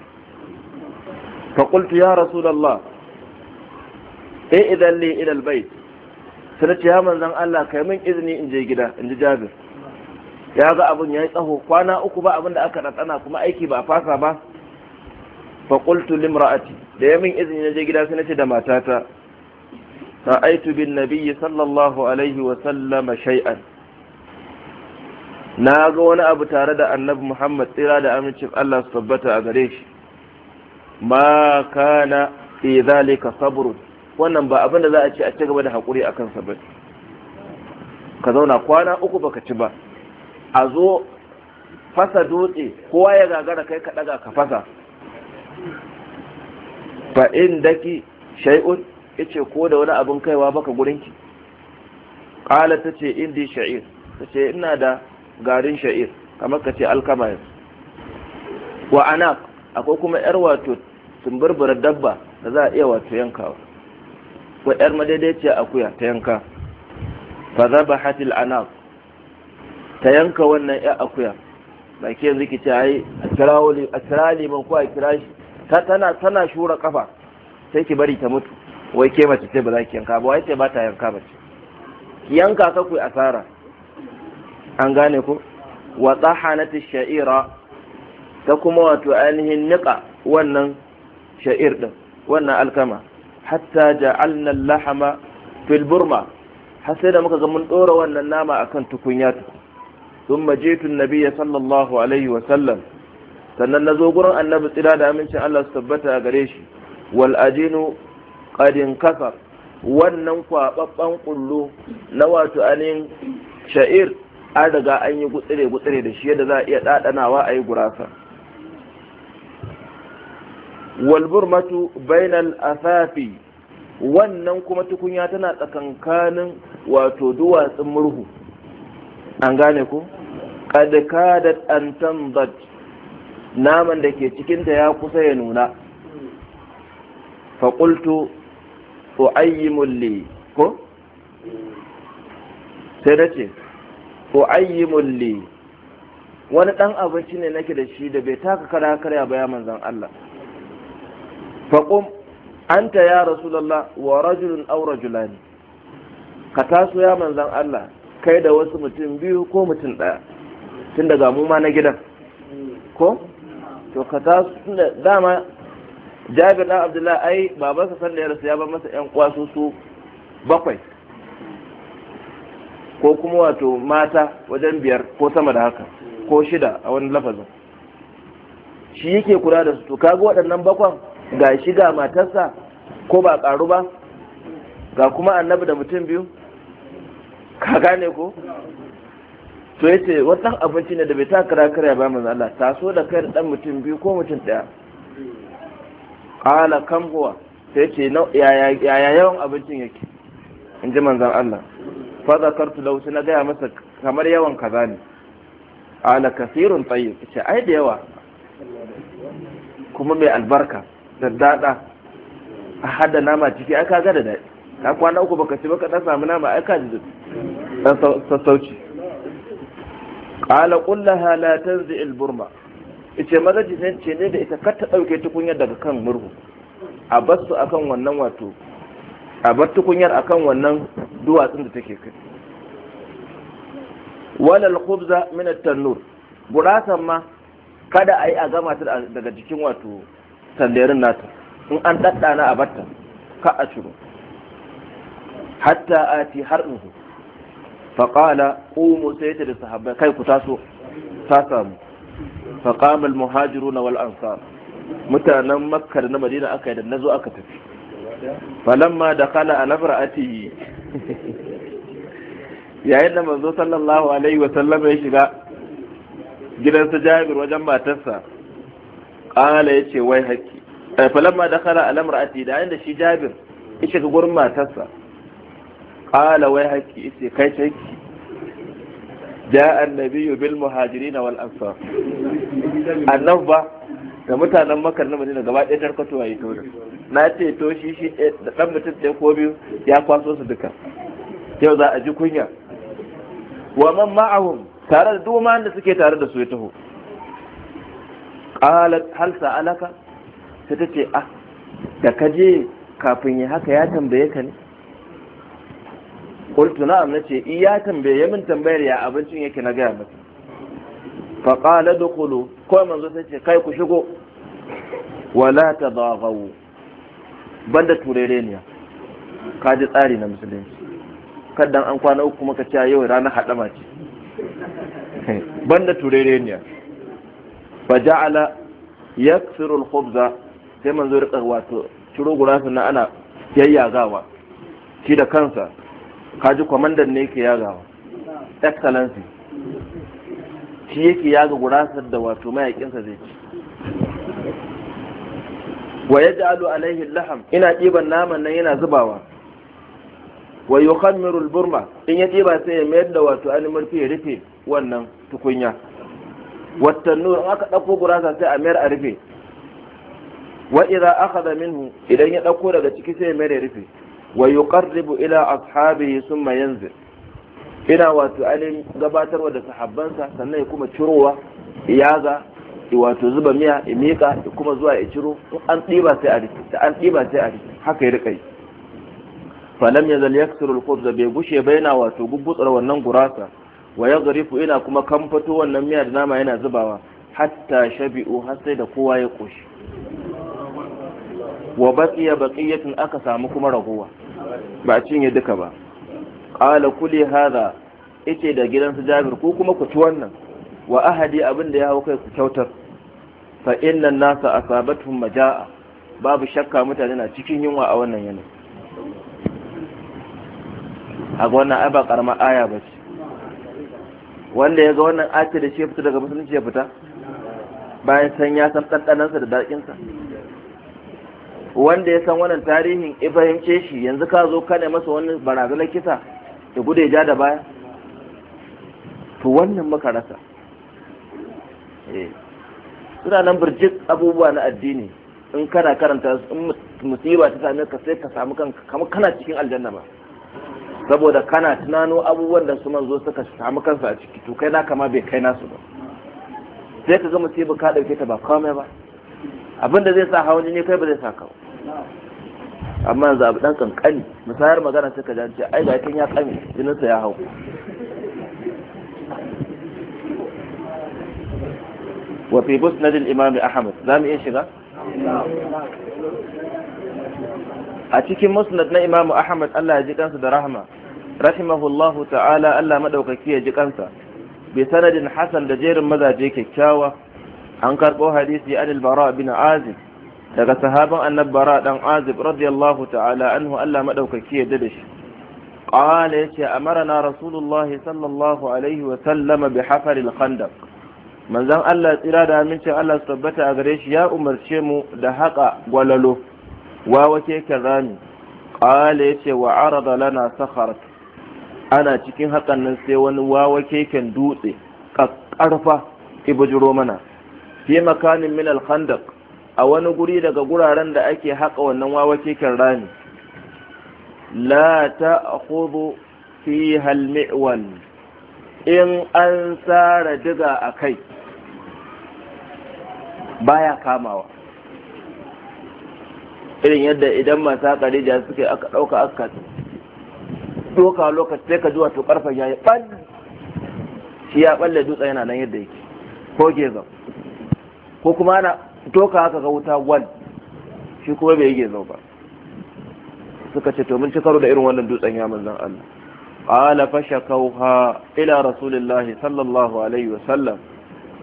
qultu ya rasulullah sai eh, idan li ila bai sai ce ya manzan Allah kai min izini in je gida in ji jabir ya ga abin ya tsaho kwana uku ba abin da aka ɗatsana kuma aiki ba a fasa ba fa limra'ati da ya min izini na je gida sai nace da matata ra'aitu bin nabiyyi sallallahu alaihi wa sallama shay'an na ga wani abu tare da annabi Muhammad tsira da amincin Allah su tabbata a gare shi ma kana fi zalika wannan ba abin da za a ce a ci gaba da hakuri akan sa ba ka zauna kwana uku baka ci ba a zo fasa dutse kowa ya gagara kai ka daga ka fasa fa in daki shay'un yace ko da wani abin kaiwa baka gurinki qala tace indi sha'ir tace ina da garin sha'ir kamar kace alkama wa anak akwai kuma yar wato tumburbura dabba da za a iya wato yankawa ko yar madaidaiciya akuya ta yanka fa zabahatil anaq ta yanka wannan yar akuya ba ke yanzu ki ce ai a kira man ko a kirashi ta tana tana shura kafa sai ki bari ta mutu wai ke mace ce ba za ki yanka ba wai ce ba ta yanka ba ce ki yanka ka ku asara an gane ku? wa tahanat sha'ira ta kuma wato ainihin niƙa wannan sha'ir din wannan alkama hatta ja'alna lahama fil burma har sai da muka ga mun dora wannan nama akan tukunya tukun ثم جئت النبي صلى الله عليه وسلم sannan na zo gurin annabi tsira da amincin Allah su tabbata gare shi wal ajinu qadin kafar wannan kwababban kullu na wato anin sha'ir an riga an yi gutsire gutsire da shi yadda za a iya dadanawa a yi gurasa wal burmatu bainal asafi wannan kuma tukunya tana tsakankanin wato duwatsun murhu an gane ku kad kadat an naman da ke cikinta ya kusa ya nuna faƙultu u'ayyimul li ko sai da ce u'ayyimul li wani ɗan abinci ne nake da shi da bai taka kara karya ba ya manzan Allah faƙum anta ya rasulallah wa rajulun aw julani. ka taso ya manzan Allah kai da wasu mutum biyu ko mutum ɗaya tun daga mu ma na gidan ko to ka tunda dama Jabi ɗan abdullahi ai babansa sanda ya rasu ya ba masa yan kwaso su bakwai ko kuma wato mata wajen biyar ko sama da haka ko shida a wani lafazin shi yake kula da su to kaga waɗannan bakwan ga shi ga matarsa ko ba karu ba ga kuma annabi da mutum biyu ka gane ko to ya ce wannan abinci ne da bai ta kara kara ba manzo Allah so da kai da dan mutum biyu ko mutum daya qala kam huwa sai ce yaya yawan abincin yake in ji manzon Allah fa zakartu na gaya masa kamar yawan kaza ne qala kasirun tayyib ce ai da yawa kuma mai albarka da dada a hada nama ciki aka ga da dai. ka kwana uku baka ci baka ɗan samu nama aka ji da sassauci qala qul laha la tanzi al burma ice maza ce ne da ita kar ta dauke tukunyar daga kan murhu a bar su akan wannan wato a bar tukunyar akan wannan duwatsun da take kai walal khubza min at-tanur burasan ma kada a yi a gama ta daga jikin wato tanderin nata in an daddana a batta ka a shiru hatta ati har in faƙala ƙumu sai ta da sahabbai kai ku taso ta samu faƙamal muhajiru na wal'ansar mutanen makkar na madina aka yi da nazo aka tafi falamma da kala a nafara'atihi yayin da manzo sallallahu alaihi wasallam ya shiga gidansa jabir wajen matarsa ƙala ya ce wai da kala a da yayin da shi jabir ya shiga gurin matarsa qala wai haki ite kai tanki ja annabi bil muhajirin wal ansar annabi ba da mutanen makar na madina gaba ɗaya tarkato yayi to na ce to shi shi da dan mutum ɗaya ko biyu ya kwaso su duka yau za a ji kunya wa man ma'ahum tare da duma da suke tare da su ya taho qalat hal sa'alaka sai ta ce ah da ka je kafin ya haka ya tambaye ka ne qultu na'am nace iya tambaye min tambayar ya abincin yake na gaya mata fa qala dukhulu ko manzo sai ce kai ku shigo wala ta tadaghaw banda turereniya ka ji tsari na musulunci kaddan an kwana uku kuma ka ce yau ranar hadama ce banda turereniya fa ja'ala yaksiru al-khubza sai manzo rika wato ciro gurasa na ana yayyagawa shi da kansa kaji kwamandan ne yake yagawa excellency shi yake yaga gurasar da wato mayakinsa zai ci wa ya ja'alu alaihi laham ina ɗiban naman nan yana zubawa wa yukhammiru burma in ya ɗiba sai ya mayar da wato animal ya rufe wannan tukunya wattannur in aka ɗauko gurasa sai a mayar a rufe wa idza akhadha minhu idan ya ɗauko daga ciki sai ya mayar ya rufe wa yuqarribu ila ashabihi thumma yanzil ina wato alin gabatarwa da sahabbansa sannan ya kuma cirowa ga, wato zuba miya ya ya kuma zuwa ya ciro an ɗiba sai a rike an sai a rike haka ya rika yi falam ya zal yaksiru al bai gushe ba yana wato gubbutsar wannan gurasa wa yaghrifu ina kuma kamfato wannan miya da nama yana zubawa hatta shabi'u har sai da kowa ya koshi wa baqiya baqiyatin aka samu kuma ragowa ba a cinye duka ba qala kuli hadha ite da su Jabir ko kuma ku ci wannan wa ahadi abinda ya hau kai ku kyautar fa innan nasa asabatuhum majaa babu shakka mutane na cikin yunwa a wannan yanayi a wannan ai ba karamar aya ba ce wanda ya ga wannan ake da shi fita daga musulunci ya fita bayan san ya san ɗanɗanansa da daƙinsa wanda ya san wannan tarihin ya fahimce shi yanzu ka zo kane masa wani barazanar kisa ya gude ja da baya to wannan muka rasa eh. suna nan birjik abubuwa na addini in kana karanta in musiba ta same ka sai ka samu kanka kamar kana cikin aljanna ba saboda kana tunano abubuwan da su manzo suka samu kansu a ciki to kai na kama bai kai nasu ba sai ka ga musiba ka dauke ta ba komai ba abin da zai sa hawa ne kai ba zai sa kawo amma yanzu abu dan kankani musayar magana suka jance ai ga ya kame jininsa ya hau wa fi musnad al-imam ahmad mu iya shiga a cikin musnad na imamu ahmad Allah ya ji kansa da rahama rahimahullahu ta'ala Allah madaukaki ya ji kansa bi sanadin hasan da jerin mazaje kyakkyawa an karɓo hadisi an bara bin azib daga sahaban annab bara dan azib radiyallahu ta'ala anhu Allah madaukaki ya da shi qala yace amarna rasulullahi sallallahu alaihi wa sallama bi hafaril khandaq manzon Allah tsira da amincin Allah su tabbata a gare shi ya umarce mu da haƙa gwalalo wa wace rami qala yace wa arada lana sakharat ana cikin hakan nan sai wani wawa keken dutse ƙarfa ibujiro mana fi makanin min khandaq a wani guri daga guraren da ake haƙa wannan wawa keken rami la ta'khudhu fiha almi'wal in an tsara diga a kai baya kamawa irin yadda idan masu haƙari da suke aka ɗauka aka ɗoka lokaci sai ka ji wato ƙarfa ya yi shi ya ɓalle dutse yana nan yadda yake ko zama ko kuma ana fito ka haka ga wuta wal shi kuma bai yage zau ba suka ce to mun ci karo da irin wannan dutsen ya manzan Allah qala fa shakawha ila rasulillah sallallahu alaihi wasallam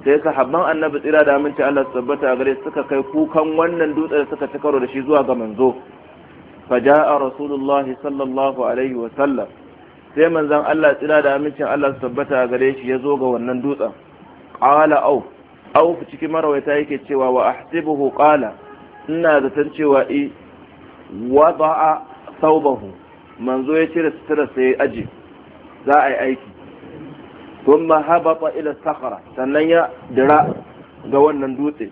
sai sahabban annabi tsira da aminci Allah su tabbata gare suka kai kukan wannan dutsen suka ci karo da shi zuwa ga manzo فجاء رسول الله صلى الله عليه وسلم sai manzon Allah tsira da amincin Allah su tabbata gare shi ya zo ga wannan dutsen qala au auf cikin marawaita yake cewa wa ahsibuhu qala ina zaton cewa i wada'a thawbahu manzo ya cire sutura sai aji za a yi aiki thumma habata ila sakhara sannan ya dira ga wannan dutse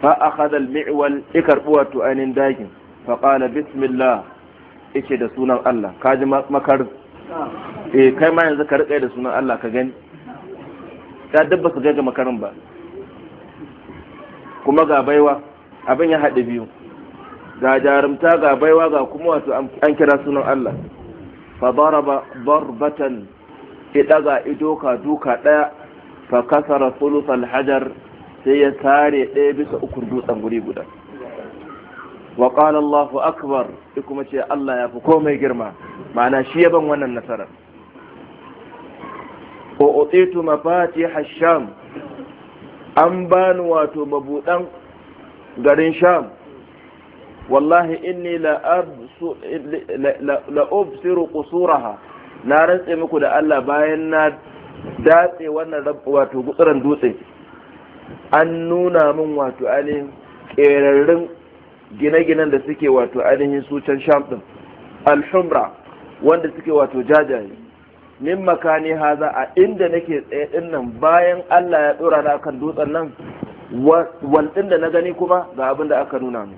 fa akhadha al-mi'wal ikarbu wato ainin dagin fa qala bismillah yake da sunan Allah kaji makar eh kai ma yanzu ka rika da sunan Allah ka gani ta dabba su gaga makarin ba kuma ga baiwa abin ya haɗe biyu ga jarumta ga baiwa ga kuma wasu an kira sunan Allah fa barbatan darbatan fi ido ka duka daya fa kasara sulusal hajar sai ya sare ɗaya bisa uku dutsen guri guda wa qala Allahu akbar kuma ce Allah ya fi komai girma ma'ana shi ya ban wannan nasarar fa utitu mafatih ash-sham an bani wato mabudan garin sham wallahi inni absiru qusuraha na rantse muku da Allah bayan na datse wannan wato gutsuran dutse an nuna min wato ainihin ƙerarrun gine-ginen da suke wato ainihin su can sham ɗin alhumra wanda suke wato jajaye min makani haza a inda nake tsaye din bayan Allah ya dora na kan dutsen nan wal din da na gani kuma ga abin da aka nuna mu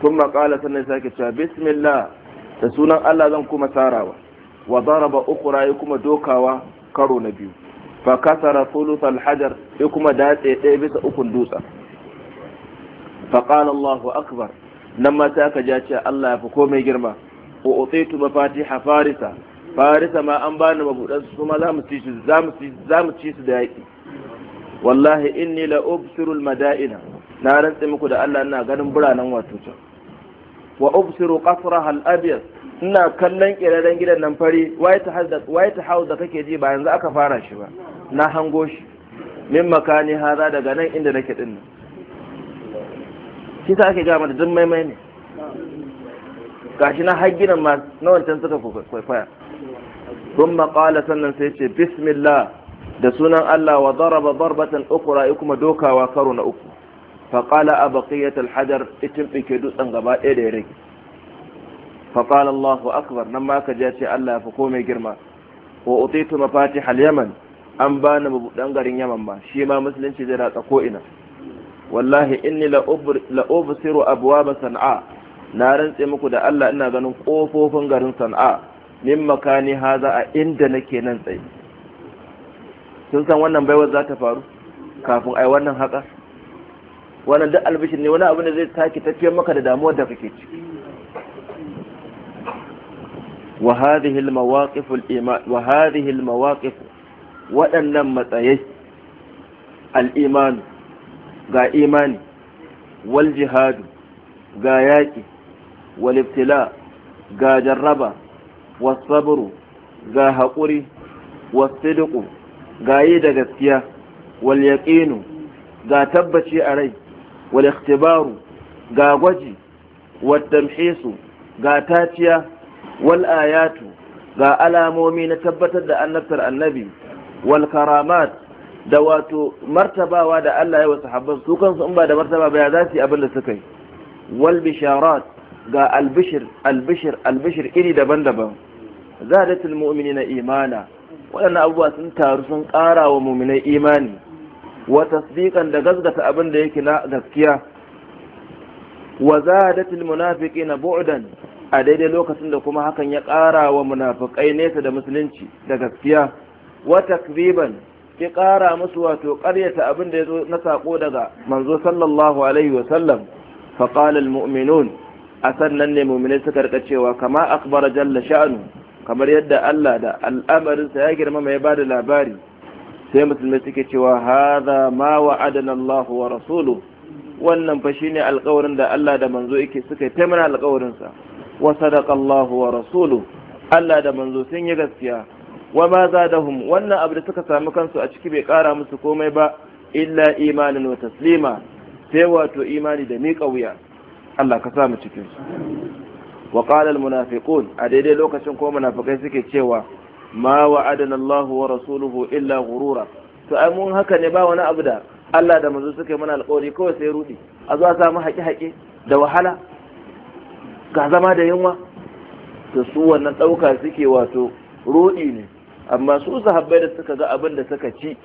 kun makala sannan sake cewa bismillah da sunan Allah zan kuma sarawa wa daraba ukhra ya kuma dokawa karo na biyu fa kasara thuluth al hajar ya kuma datse ɗaya bisa ukun dutsen fa qala Allahu akbar nan ma sai aka ja ce Allah ya fi komai girma wa utaitu mafatiha farisa farisa ma an bani mabudan su ma zamu ci su zamu ci zamu ci su da yaki wallahi inni la ubsiru al madaina na rantsi muku da Allah ina ganin buranan wato can wa ubsiru qasraha al abyad ina kallon kiraren gidan nan fari white house da white house da kake ji ba yanzu aka fara shi ba na hango shi min makani haza daga nan inda nake din nan shi ta ake gama da dun maimai ne gashi na hagginan ma na wancan suka kwaikwaya sun maƙala sannan sai ce bismillah da sunan Allah wa daraba ukura ya kuma dokawa karo na uku faƙala a baƙiyyat alhajar itin ɓike dutsen gaba ɗaya da ya rage faƙala Allahu akbar nan ma ka ce Allah ya fi komai girma wa utitu mafati yaman an bani mabuɗan garin yaman ma shi ma musulunci zai ratsa ko ina wallahi inni la ubsiru abwaba san'a na rantse muku da Allah ina ganin kofofin garin Sana'a min makani haza a inda nake nan tsaye sun san wannan baiwar za ta faru kafin ai wannan haka wannan duk albishin ne wani abu ne zai taki tafiyar maka da damuwar da kake ciki wa hadhihi almawaqif aliman wa hadhihi almawaqif wadannan waɗannan aliman al ga imani wal jihadu ga yaƙi walibtila ga jarraba wasabru ga haƙuri wasidiku ga yi da gaskiya wal yaqinu ga tabbaci a rai wal ga gwaji waddamhisu ga taciya wal ayatu ga alamomi na tabbatar da annabtar annabi wal karamat da wato martabawa da Allah ya wasu habban su in ba da martaba baya ya za su yi abin da suka yi wal bisharat ga albishir albishir albishir iri daban-daban zadatul na imana waɗannan abubuwa sun taru sun ƙara wa mu'minai imani wa tasdiqan da gasgata abin da yake na gaskiya wa zadatul munafiqina bu'dan a daidai lokacin da kuma hakan ya ƙara wa munafiqai nesa da musulunci da gaskiya wa takriban Ki ƙara musu wato ƙaryata abin da ya zo na saƙo daga manzo sallallahu alaihi wa sallam faqala al-mu'minun a sannan ne muminai suka rika cewa kama akbara jalla sha'anu kamar yadda Allah da al'amarinsa ya girmama ya ba da labari sai musulmai suke cewa hadha ma wa'adana Allah wa rasulu wannan fa shine alƙawarin da Allah da manzo yake suka yi taimana alƙawarin sa wa sadaqa Allah wa rasulu Allah da manzo sun yi gaskiya wa ma zadahum wannan abu da suka samu kansu a ciki bai ƙara musu komai ba illa imanin wa taslima sai wato imani da miƙa wuya Allah ka samu cikin su wa qala munafiqun a daidai lokacin ko munafikai suke cewa ma wa'adana Allah wa rasuluhu illa ghurura to ai mun haka ne ba wani abu da Allah da manzo suke mana alƙawari kawai sai rudi a zuwa samu haƙe-haƙe da wahala ga zama da yunwa to su wannan ɗauka suke wato rudi ne amma su sahabbai da suka ga abin da suka ci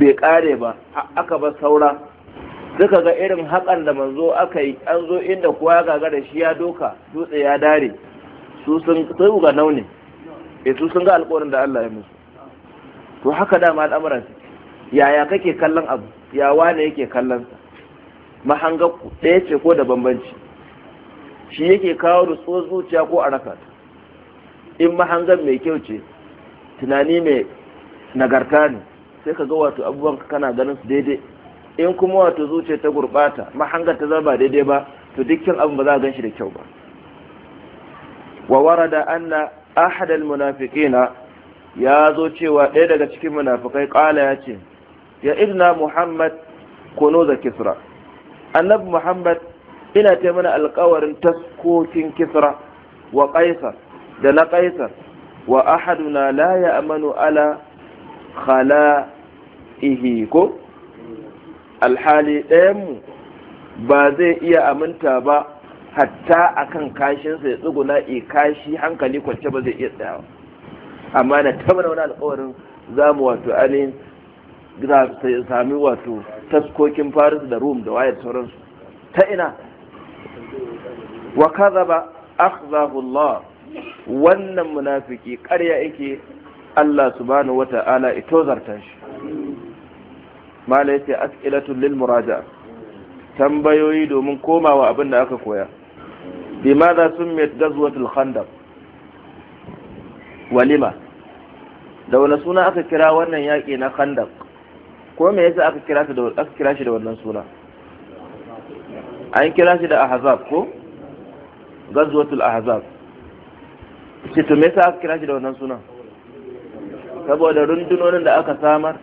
bai kare ba aka ba saura suka ga irin haƙan da manzo aka yi an zo inda kuwa ya gagara shi ya doka dutse ya dare su sun sai ga naune e eh, su sun ga alƙawarin da Allah ya musu to haka dama al'amuran yaya kake kallon abu ya wane yake kallon sa mahanga ɗaya ce ko da bambanci shi yake kawo rutsuwar zuciya ko araka, in mahangan mai kyau ce tunani mai nagarta ne sai ka ga wato abubuwan kana ganin su daidai in kuma wato zuciya ta gurbata mahangar ta zama daidai ba to dukkan abin ba za a gan da kyau ba wa warada anna ahad almunafiqina ya zo cewa ɗaya daga cikin munafikai ƙala ya ce ya idina muhammad kono za kisra annabi muhammad ina ta mana alƙawarin taskokin kisra wa Kaisar da na Kaisar wa ahaduna la ya amanu ala khala'ihi ko alhali ɗayanmu ba zai iya aminta ba hatta a kan kashinsa ya tsuguna i kashi hankali kwance ba zai iya tsayawa amma na tabbata wani alkawarin za mu wato ainihin sami wato taskokin faris da rum da wayar sauransu ta ina wa kaza ba akhzahullah wannan munafiki karya yake Allah subhanahu ta'ala ito zartan shi mala yace as'ilatul lil muraja tambayoyi domin komawa abin da aka koya sun mai ghazwatul khandaq walima da wani suna aka kira wannan yaƙi na khandaq ko me yasa aka kira da aka kira shi da wannan suna an kira shi da ahzab ko ghazwatul ahzab shi to me yasa aka kira shi da wannan suna saboda rundunonin da aka samar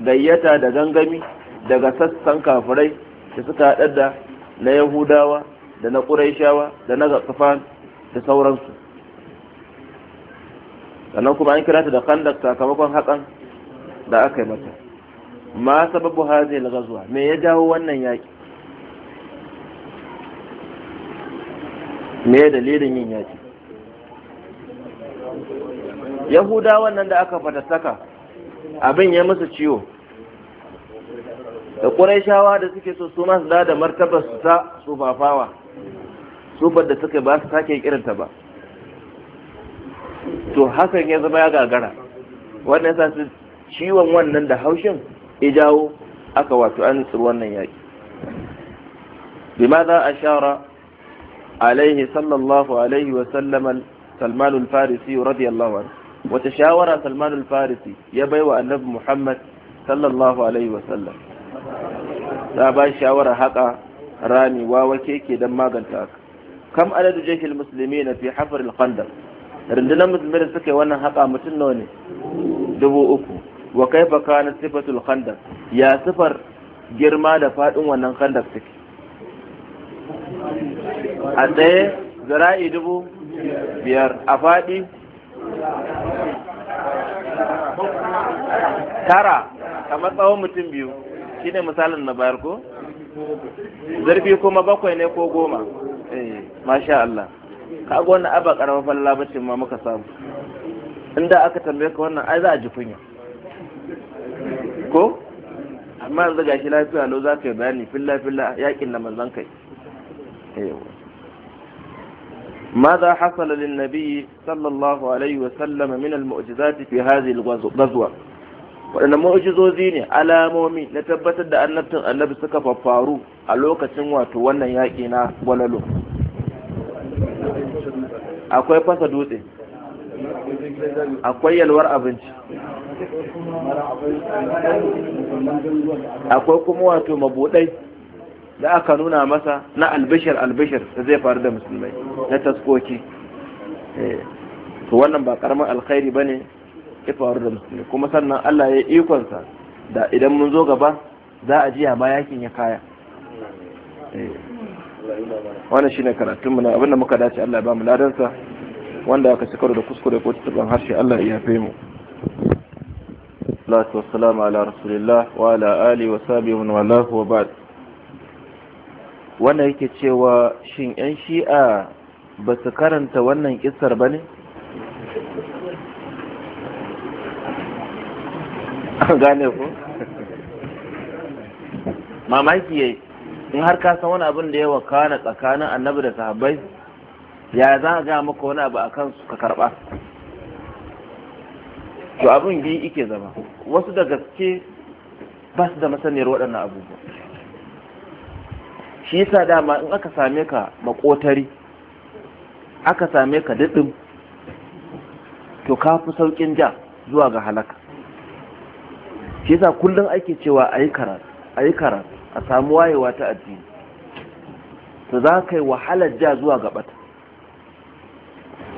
gayyata da gangami daga sassan kafirai da suka haɗar da na yahudawa da na ƙuraishawa da na gatsafan da sauransu sannan kuma an kira ta da kandak sakamakon haƙan da aka yi mata ma sababu hazil gazuwa me ya jawo wannan yaƙi me dalilin yin yaƙi yahudawan nan da aka saka. abin ya masa ciwo da ƙuraishawa da suke so su masu da martaba su ta su tsufar da suka ba su sake kirinta ba to hakan ya zama ya gagara wannan sa su ciwon wannan da haushin ya jawo aka wato an tsir wannan yaƙi بماذا أشار عليه صلى الله عليه وسلم سلمان الفارسي رضي الله عنه wata shawara salman alfarisi ya bai wa annabi muhammad sallallahu alaihi wasallam ta ba shawara haka rami wawa keke don maganta haka kam adadu jahil musulmi na fi hafar al-khandar rundunar musulmi da suka yi wannan haka mutum nawa ne dubu uku wa baka na sifatul khandar ya sifar girma da fadin wannan khandar take a tsaye zara'i dubu biyar a faɗi tara kamar tsawon mutum biyu shi ne misalin na bayar ko zarfi kuma bakwai ne ko goma eh masha Allah ka ga wannan aba karamar falla bacin ma muka samu inda aka tambaye ka wannan ai za a ji kunya ko amma yanzu ga shi lafiya lo za ka yi bayani filla filla yakin da manzon kai ماذا حصل للنبي صلى الله عليه وسلم من المعجزات في هذه الغزوة Waɗannan mu'jizozi ne alamomi na tabbatar da annabtin annabi suka faffaru a lokacin wato wannan yaƙi na gwalalo akwai fasa dutse akwai yalwar abinci akwai kuma wato mabuɗai da aka nuna masa na albishir albishir da zai faru da musulmai na taskoki eh, to wannan ba karamin alkhairi ba ne ya faru da musulmi kuma sannan Allah ya ikonsa da idan mun zo gaba za a jiya ba yakin ya kaya eh. wannan shine karatun mu na abin da muka dace Allah ya ba mu ladansa wanda aka ci da kuskure ko tuban harshe Allah ya yafe mu salatu wassalamu ala rasulillah wa ala alihi wa sahbihi wa wa ba'd wannan yake cewa shin yan shi'a ba su karanta wannan kissar ba ne gane ku mamaki yayi in har ka san wani abin da ya wakana tsakanin annabi da sahabbai ya za ga gaya maka wani abu akan su ka karba to abin bi ike zama wasu da gaske ba su da masaniyar waɗannan abubuwa shi yasa dama in aka same ka makotari aka same ka daɗin to ka fi sauƙin ja zuwa ga halaka shi yasa kullum ake cewa a karatu ayi karatu a samu wayewa ta addini to za ka yi wahalar ja zuwa gabata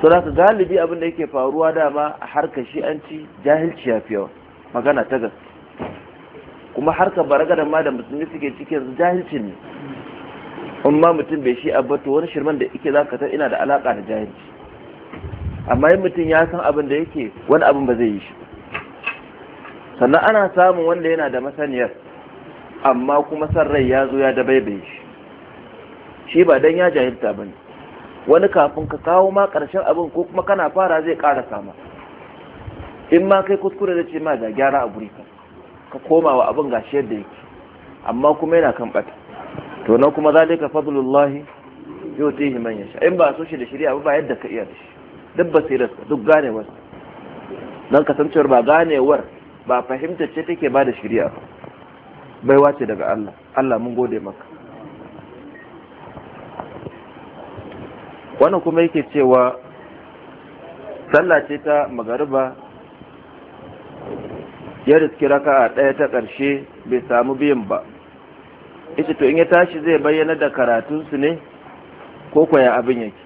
to za ka galibi abin da yake faruwa dama a harkar shi'anci jahilci ya fi yawa magana ta gaske kuma harkar baragadar ma da musulmi suke ciki jahilci ne in ma mutum bai shi abba to wani shirman da ike za ka san ina da alaka da jahilci amma yin mutum ya san abin da yake wani abin ba zai yi shi sannan ana samun wanda yana da masaniyar amma kuma san rai ya zo ya bai shi shi ba dan ya jahilta bane wani kafin ka kawo ma karshen abin ko kuma kana fara zai ƙara sama in ma kai kuskure da ce ma ga gyara a guri ka ka koma wa abin gashi yadda yake amma kuma yana kan bata to nan kuma zalika fadlullahi yutihi man yasha in ba so shi da shari'a ba yadda ka iya da shi duk basirar, duk ganewar nan kasancewar ba ganewar ba fahimta ce take ba da shirya ba baiwa ce daga Allah Allah mun gode maka wannan kuma yake cewa sallah ce ta magariba ya riski raka a ɗaya ta ƙarshe bai samu biyan ba ita to in ya tashi zai bayyana da karatunsu ne ko kwaya abin yake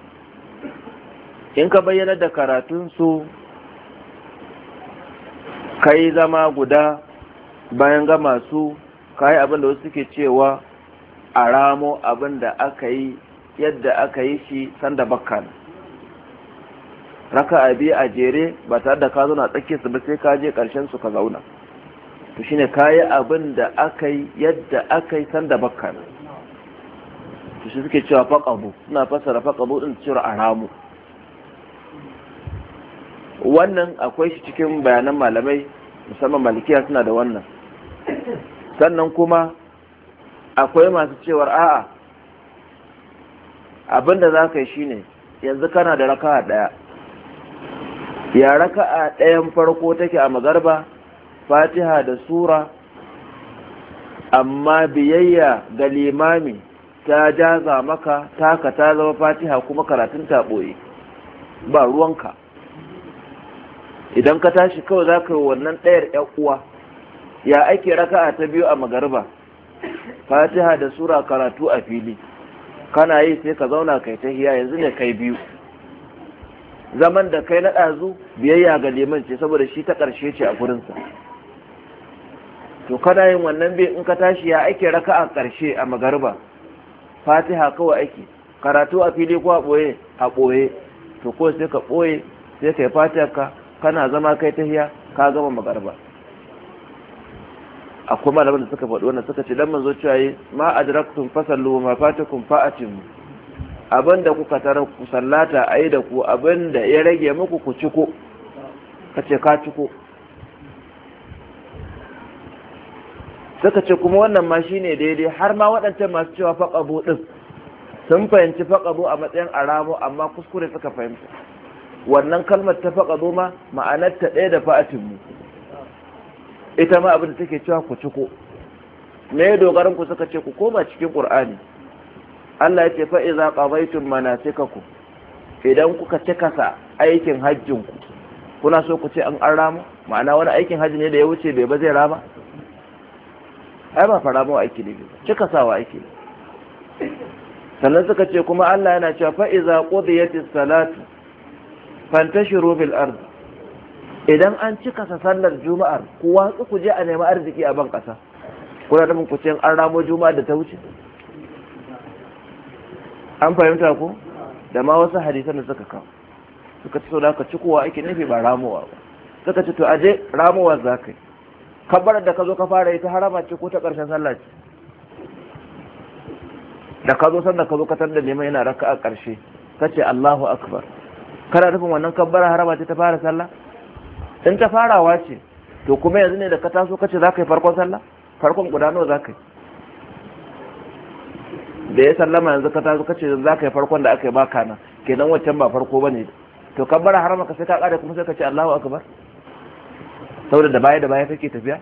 in ka bayyana da karatunsu ka yi zama guda bayan gama su ka yi abin da wasu suke cewa a ramo abin da aka yi yadda aka yi shi sanda bakkan raka abi a jere ba tare da ka zauna tsakiyar su ba sai ka je karshen su ka zauna to shine ka yi abin da aka yi yadda aka yi sanda bakkan to shi suke cewa faƙabu suna fassara faƙabu ɗin cewa a ramo wannan akwai shi cikin bayanan malamai musamman malikiya suna da wannan sannan kuma akwai masu cewar a'a abinda za ka yi shine yanzu kana da raka'a ɗaya ya raka'a ɗayan farko take a magarba fatiha da sura amma biyayya ga limami ta jaza maka taka ta zama fatiha kuma karatun taɓoye ba ruwanka idan ka tashi kawai za ka yi wannan ɗayar ya uwa ya ake raka'a ta biyu a magariba fatiha da sura karatu a fili kana yi sai ka zauna kai ta hiya yanzu ne kai biyu zaman da kai na ɗazu biyayya ga liman ce saboda shi ta ƙarshe ce a gurinsa to kana yin wannan bai in ka tashi ya ake raka'a ƙarshe a magariba fatiha kawai ake karatu a fili ko a ɓoye a ɓoye to ko sai ka ɓoye sai ka yi ka. kana zama kai ta hiya ka gama magarba akwai malaman da suka faɗi wannan suka ce dan manzo cewa yi ma adraktum fasallu ma fatakum fa'atim abinda kuka tara ku sallata ayi da ku abinda ya rage muku ku ciko kace ka ciko suka ce kuma wannan ma shine daidai har ma waɗancan masu cewa faƙabo ɗin sun fahimci faƙabo a matsayin aramo amma kuskure suka fahimta wannan kalmar ta faƙa zo ma ma'anarta ɗaya da fa'atin mu ita ma abin da take cewa ku ciko me ya dogaran ku suka ce ku koma cikin ƙur'ani Allah ya ce fa iza qabaitum manasikakum idan kuka sa aikin hajjin ku kuna so ku ce an an rama ma'ana wani aikin hajji ne da ya wuce bai ba zai rama ai ba fara mawa aiki ne sawa aiki sannan suka ce kuma Allah yana cewa fa iza qudiyatis salatu fantashiru fil ard idan an cika sallar juma'ar ku watsu ku je a nemi arziki a ban kasa kuna da ku ce an ramo juma'a da ta wuce an fahimta ku da ma wasu hadisan da suka kawo suka ci da ka cikowa ake nufi ba ramowa ba suka ci to aje ramowa za ka yi kabbar da ka zo ka fara yi ta harama ce ko ta karshen sallah ce da ka zo sannan ka zo ka tanda neman yana raka a ƙarshe ka ce allahu akbar kana nufin wannan kabbara harama ce ta fara sallah in ta farawa ce to kuma yanzu ne da ka taso kace za ka yi farkon sallah farkon guda nawa za ka yi da ya sallama yanzu ka taso kace za ka yi farkon da aka yi baka na kenan wancan ba farko bane to kabbara harama ka sai ka kare kuma sai ka ce Allahu akbar saboda da baya da baya kake tafiya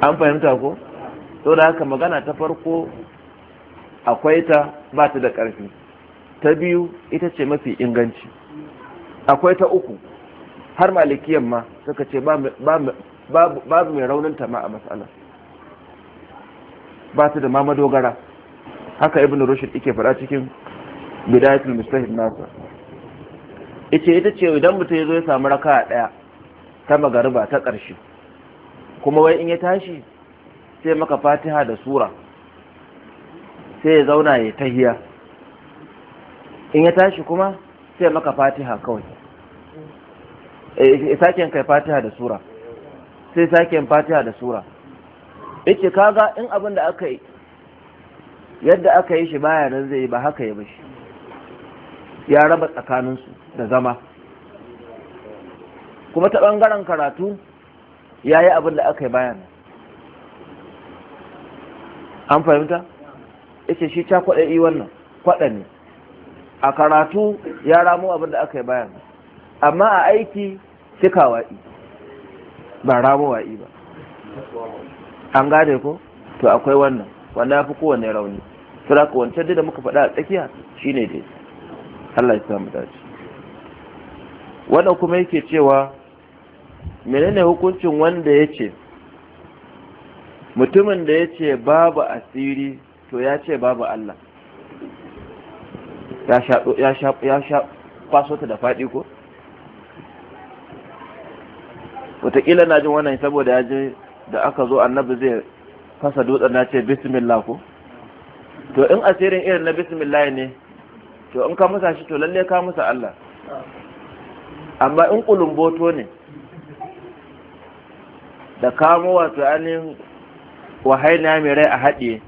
an fahimta ko saboda haka magana ta farko akwai ta ba ta da ƙarfi ta biyu ita ce mafi inganci akwai ta uku har malikiyan ma suka ce babu mai raunin ta ma a matsala ba su da ma madogara haka ibn rushd ike fara cikin bidayatul mustahid nasa ita ita ce idan mutum ya zo ya samu raka daya ta magariba ta ƙarshe kuma wai in ya tashi sai maka fatiha da sura sai ya zauna ya tahiya in ya tashi kuma sai maka fatiha kawai e sake kai fatiha da sura sai sake fatiha da sura yace kaga in abin da aka yi yadda aka yi shi baya nan zai yi ba haka ya bashi ya raba tsakaninsu da zama kuma ta ɓangaren karatu ya yi abin da aka yi nan an fahimta yace shi ta kwaɗa wannan kwaɗa ne a karatu ya ramu abin da aka yi bayan amma a aiki cika wa'i ba ramu wa'i ba an gane ko to akwai wannan wannan ya fi kowane rauni Su da wancan da muka faɗa a tsakiya shine dai Allah ya samu dace wannan kuma yake cewa menene hukuncin wanda ya ce mutumin da ya ce babu asiri to ya ce babu Allah ya sha kwaso ta da faɗi ko watakila na jin wannan saboda ya je da aka zo annabi zai fasa dutsen na ce bismillah ko to in asirin irin na bismillah ne to in ka musa shi to lalle ka musa Allah amma in kulumboto ne da kamo wato ainihin na mai rai a haɗiye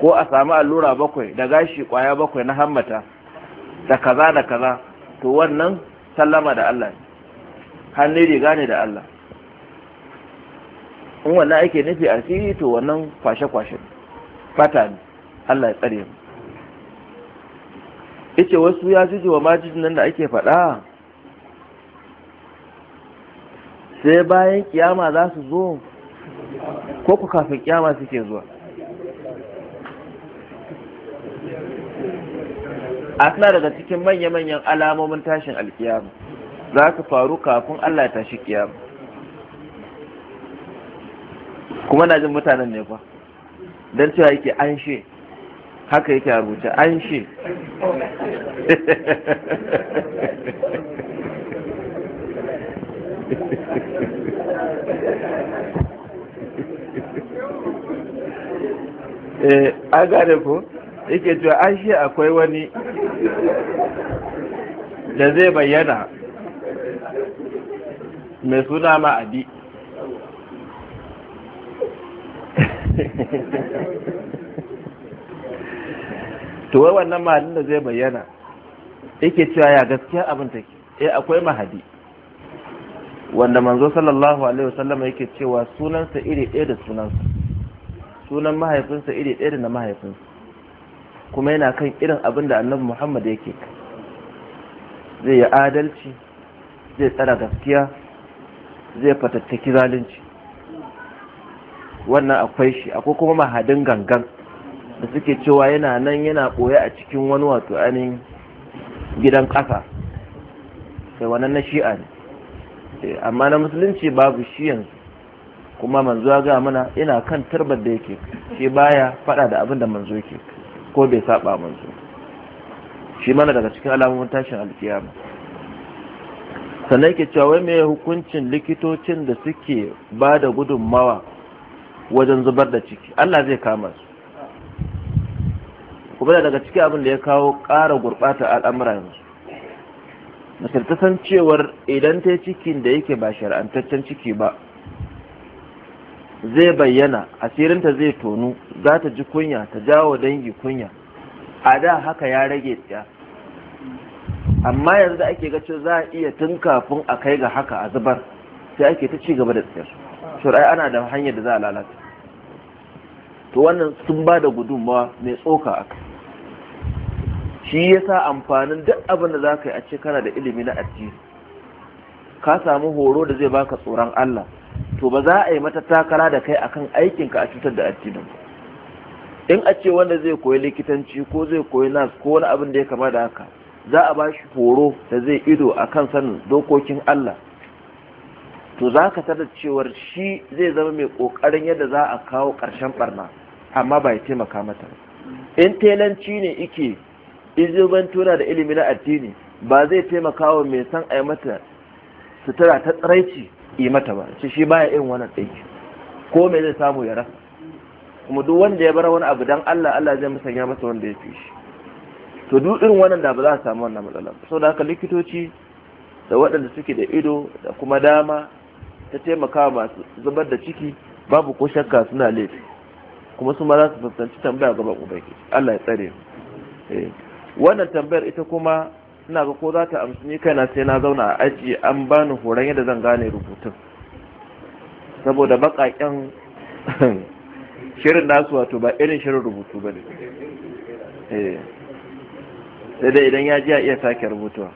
ko a samu allura bakwai da gashi kwaya bakwai na hammata da kaza da kaza to wannan sallama da Allah ne hannun riga ne da Allah in wannan ake nufi a asiri to wannan kwashe-kwashe fata ne Allah ya tsare mu yace wasu ya ji wa majid nan da ake faɗa sai bayan kiyama za su zo ko ku kafin kiyama suke zuwa a suna daga cikin manya-manyan alamomin tashin alkiyama za ka faru kafin Allah ya tashi kiyama kuma na jin mutanen ne ba don cewa yake an she haka yake a rubuce an she eh a gane ko yake cewa ashe akwai wani da zai bayyana mai suna ma'adi to wai wannan ma'adin da zai bayyana yake cewa ya gaskiya abin ke. E, eh, akwai mahadi wanda manzo sallallahu alaihi wasallam yake cewa sunansa iri ɗaya da sunansa sunan mahaifinsa iri ɗaya da na mahaifinsa kuma yana kan irin abin da annabi muhammad yake zai yi adalci zai tsara gaskiya zai fatattaki zalunci wannan akwai shi akwai kuma mahadin gangan da suke cewa yana nan yana ɓoye a cikin wani wato ainihin gidan ƙasa sai wannan na shi'a ne eh, amma na musulunci babu shi yanzu kuma manzo ga mana yana kan tarbar da yake shi baya faɗa da abin da manzo yake ko bai saba manzo shi mana daga cikin alamomin tashin alkiyama sannan ke cewa wai mai hukuncin likitocin da suke ba da gudunmawa wajen zubar da ciki Allah zai kama su kuma daga cikin abin da ya kawo ƙara gurɓata al'amura yanzu na ta san cewar idan ta yi cikin da yake ba shari'antaccen ciki ba zai bayyana asirinta zai tonu za ta ji kunya ta jawo dangi kunya a da haka ya rage tsaya amma yanzu da ake gaco za a iya tun kafin a kai ga haka a zubar sai ake ta ci gaba da tsiyar shirai ana da hanyar da za a lalata to wannan sun ba da gudunmawa mai tsoka a kai shi ya sa amfanin duk abin da za ka yi a ce kana da ilimi na addini ka samu horo da zai baka tsoron Allah to ba za a yi mata takara da kai akan aikinka a cutar da addinin in a ce wanda zai koyi likitanci ko zai koyi nas ko wani abin da ya kama da haka za a ba shi horo da zai ido a kan sanin dokokin Allah to za ka tarar cewar shi zai zama mai ƙoƙarin yadda za a kawo ƙarshen ɓarna amma ba ya taimaka mata ba? in telanci ne ike izuban tura da ilimi na addini ba zai taimaka wa mai san a mata sutura ta tsiraici yi mata ba ce shi baya irin wannan aiki ko me zai samu ya rasa kuma duk wanda ya bar wani abu dan Allah Allah zai musanya masa wanda ya fi shi to duk irin wannan da ba za a samu wannan matsala ba saboda haka likitoci da waɗanda suke da ido da kuma dama ta taimaka masu zubar da ciki babu ko shakka suna laifi kuma su ma za su fuskanci tambaya gaban ubangiji Allah ya tsare eh. wannan tambayar ita kuma ina ga ko za ta amsu ni kaina sai na zauna a aji an bani horon yadda zan gane rubutun saboda baƙaƙen shirin nasu wato ba irin shirin rubutu ba ne eh. sai dai idan ya ji a iya sake rubutuwa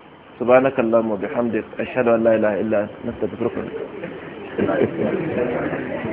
na allahumma bihamdik ashhadu an la ilaha illa anta astaghfiruka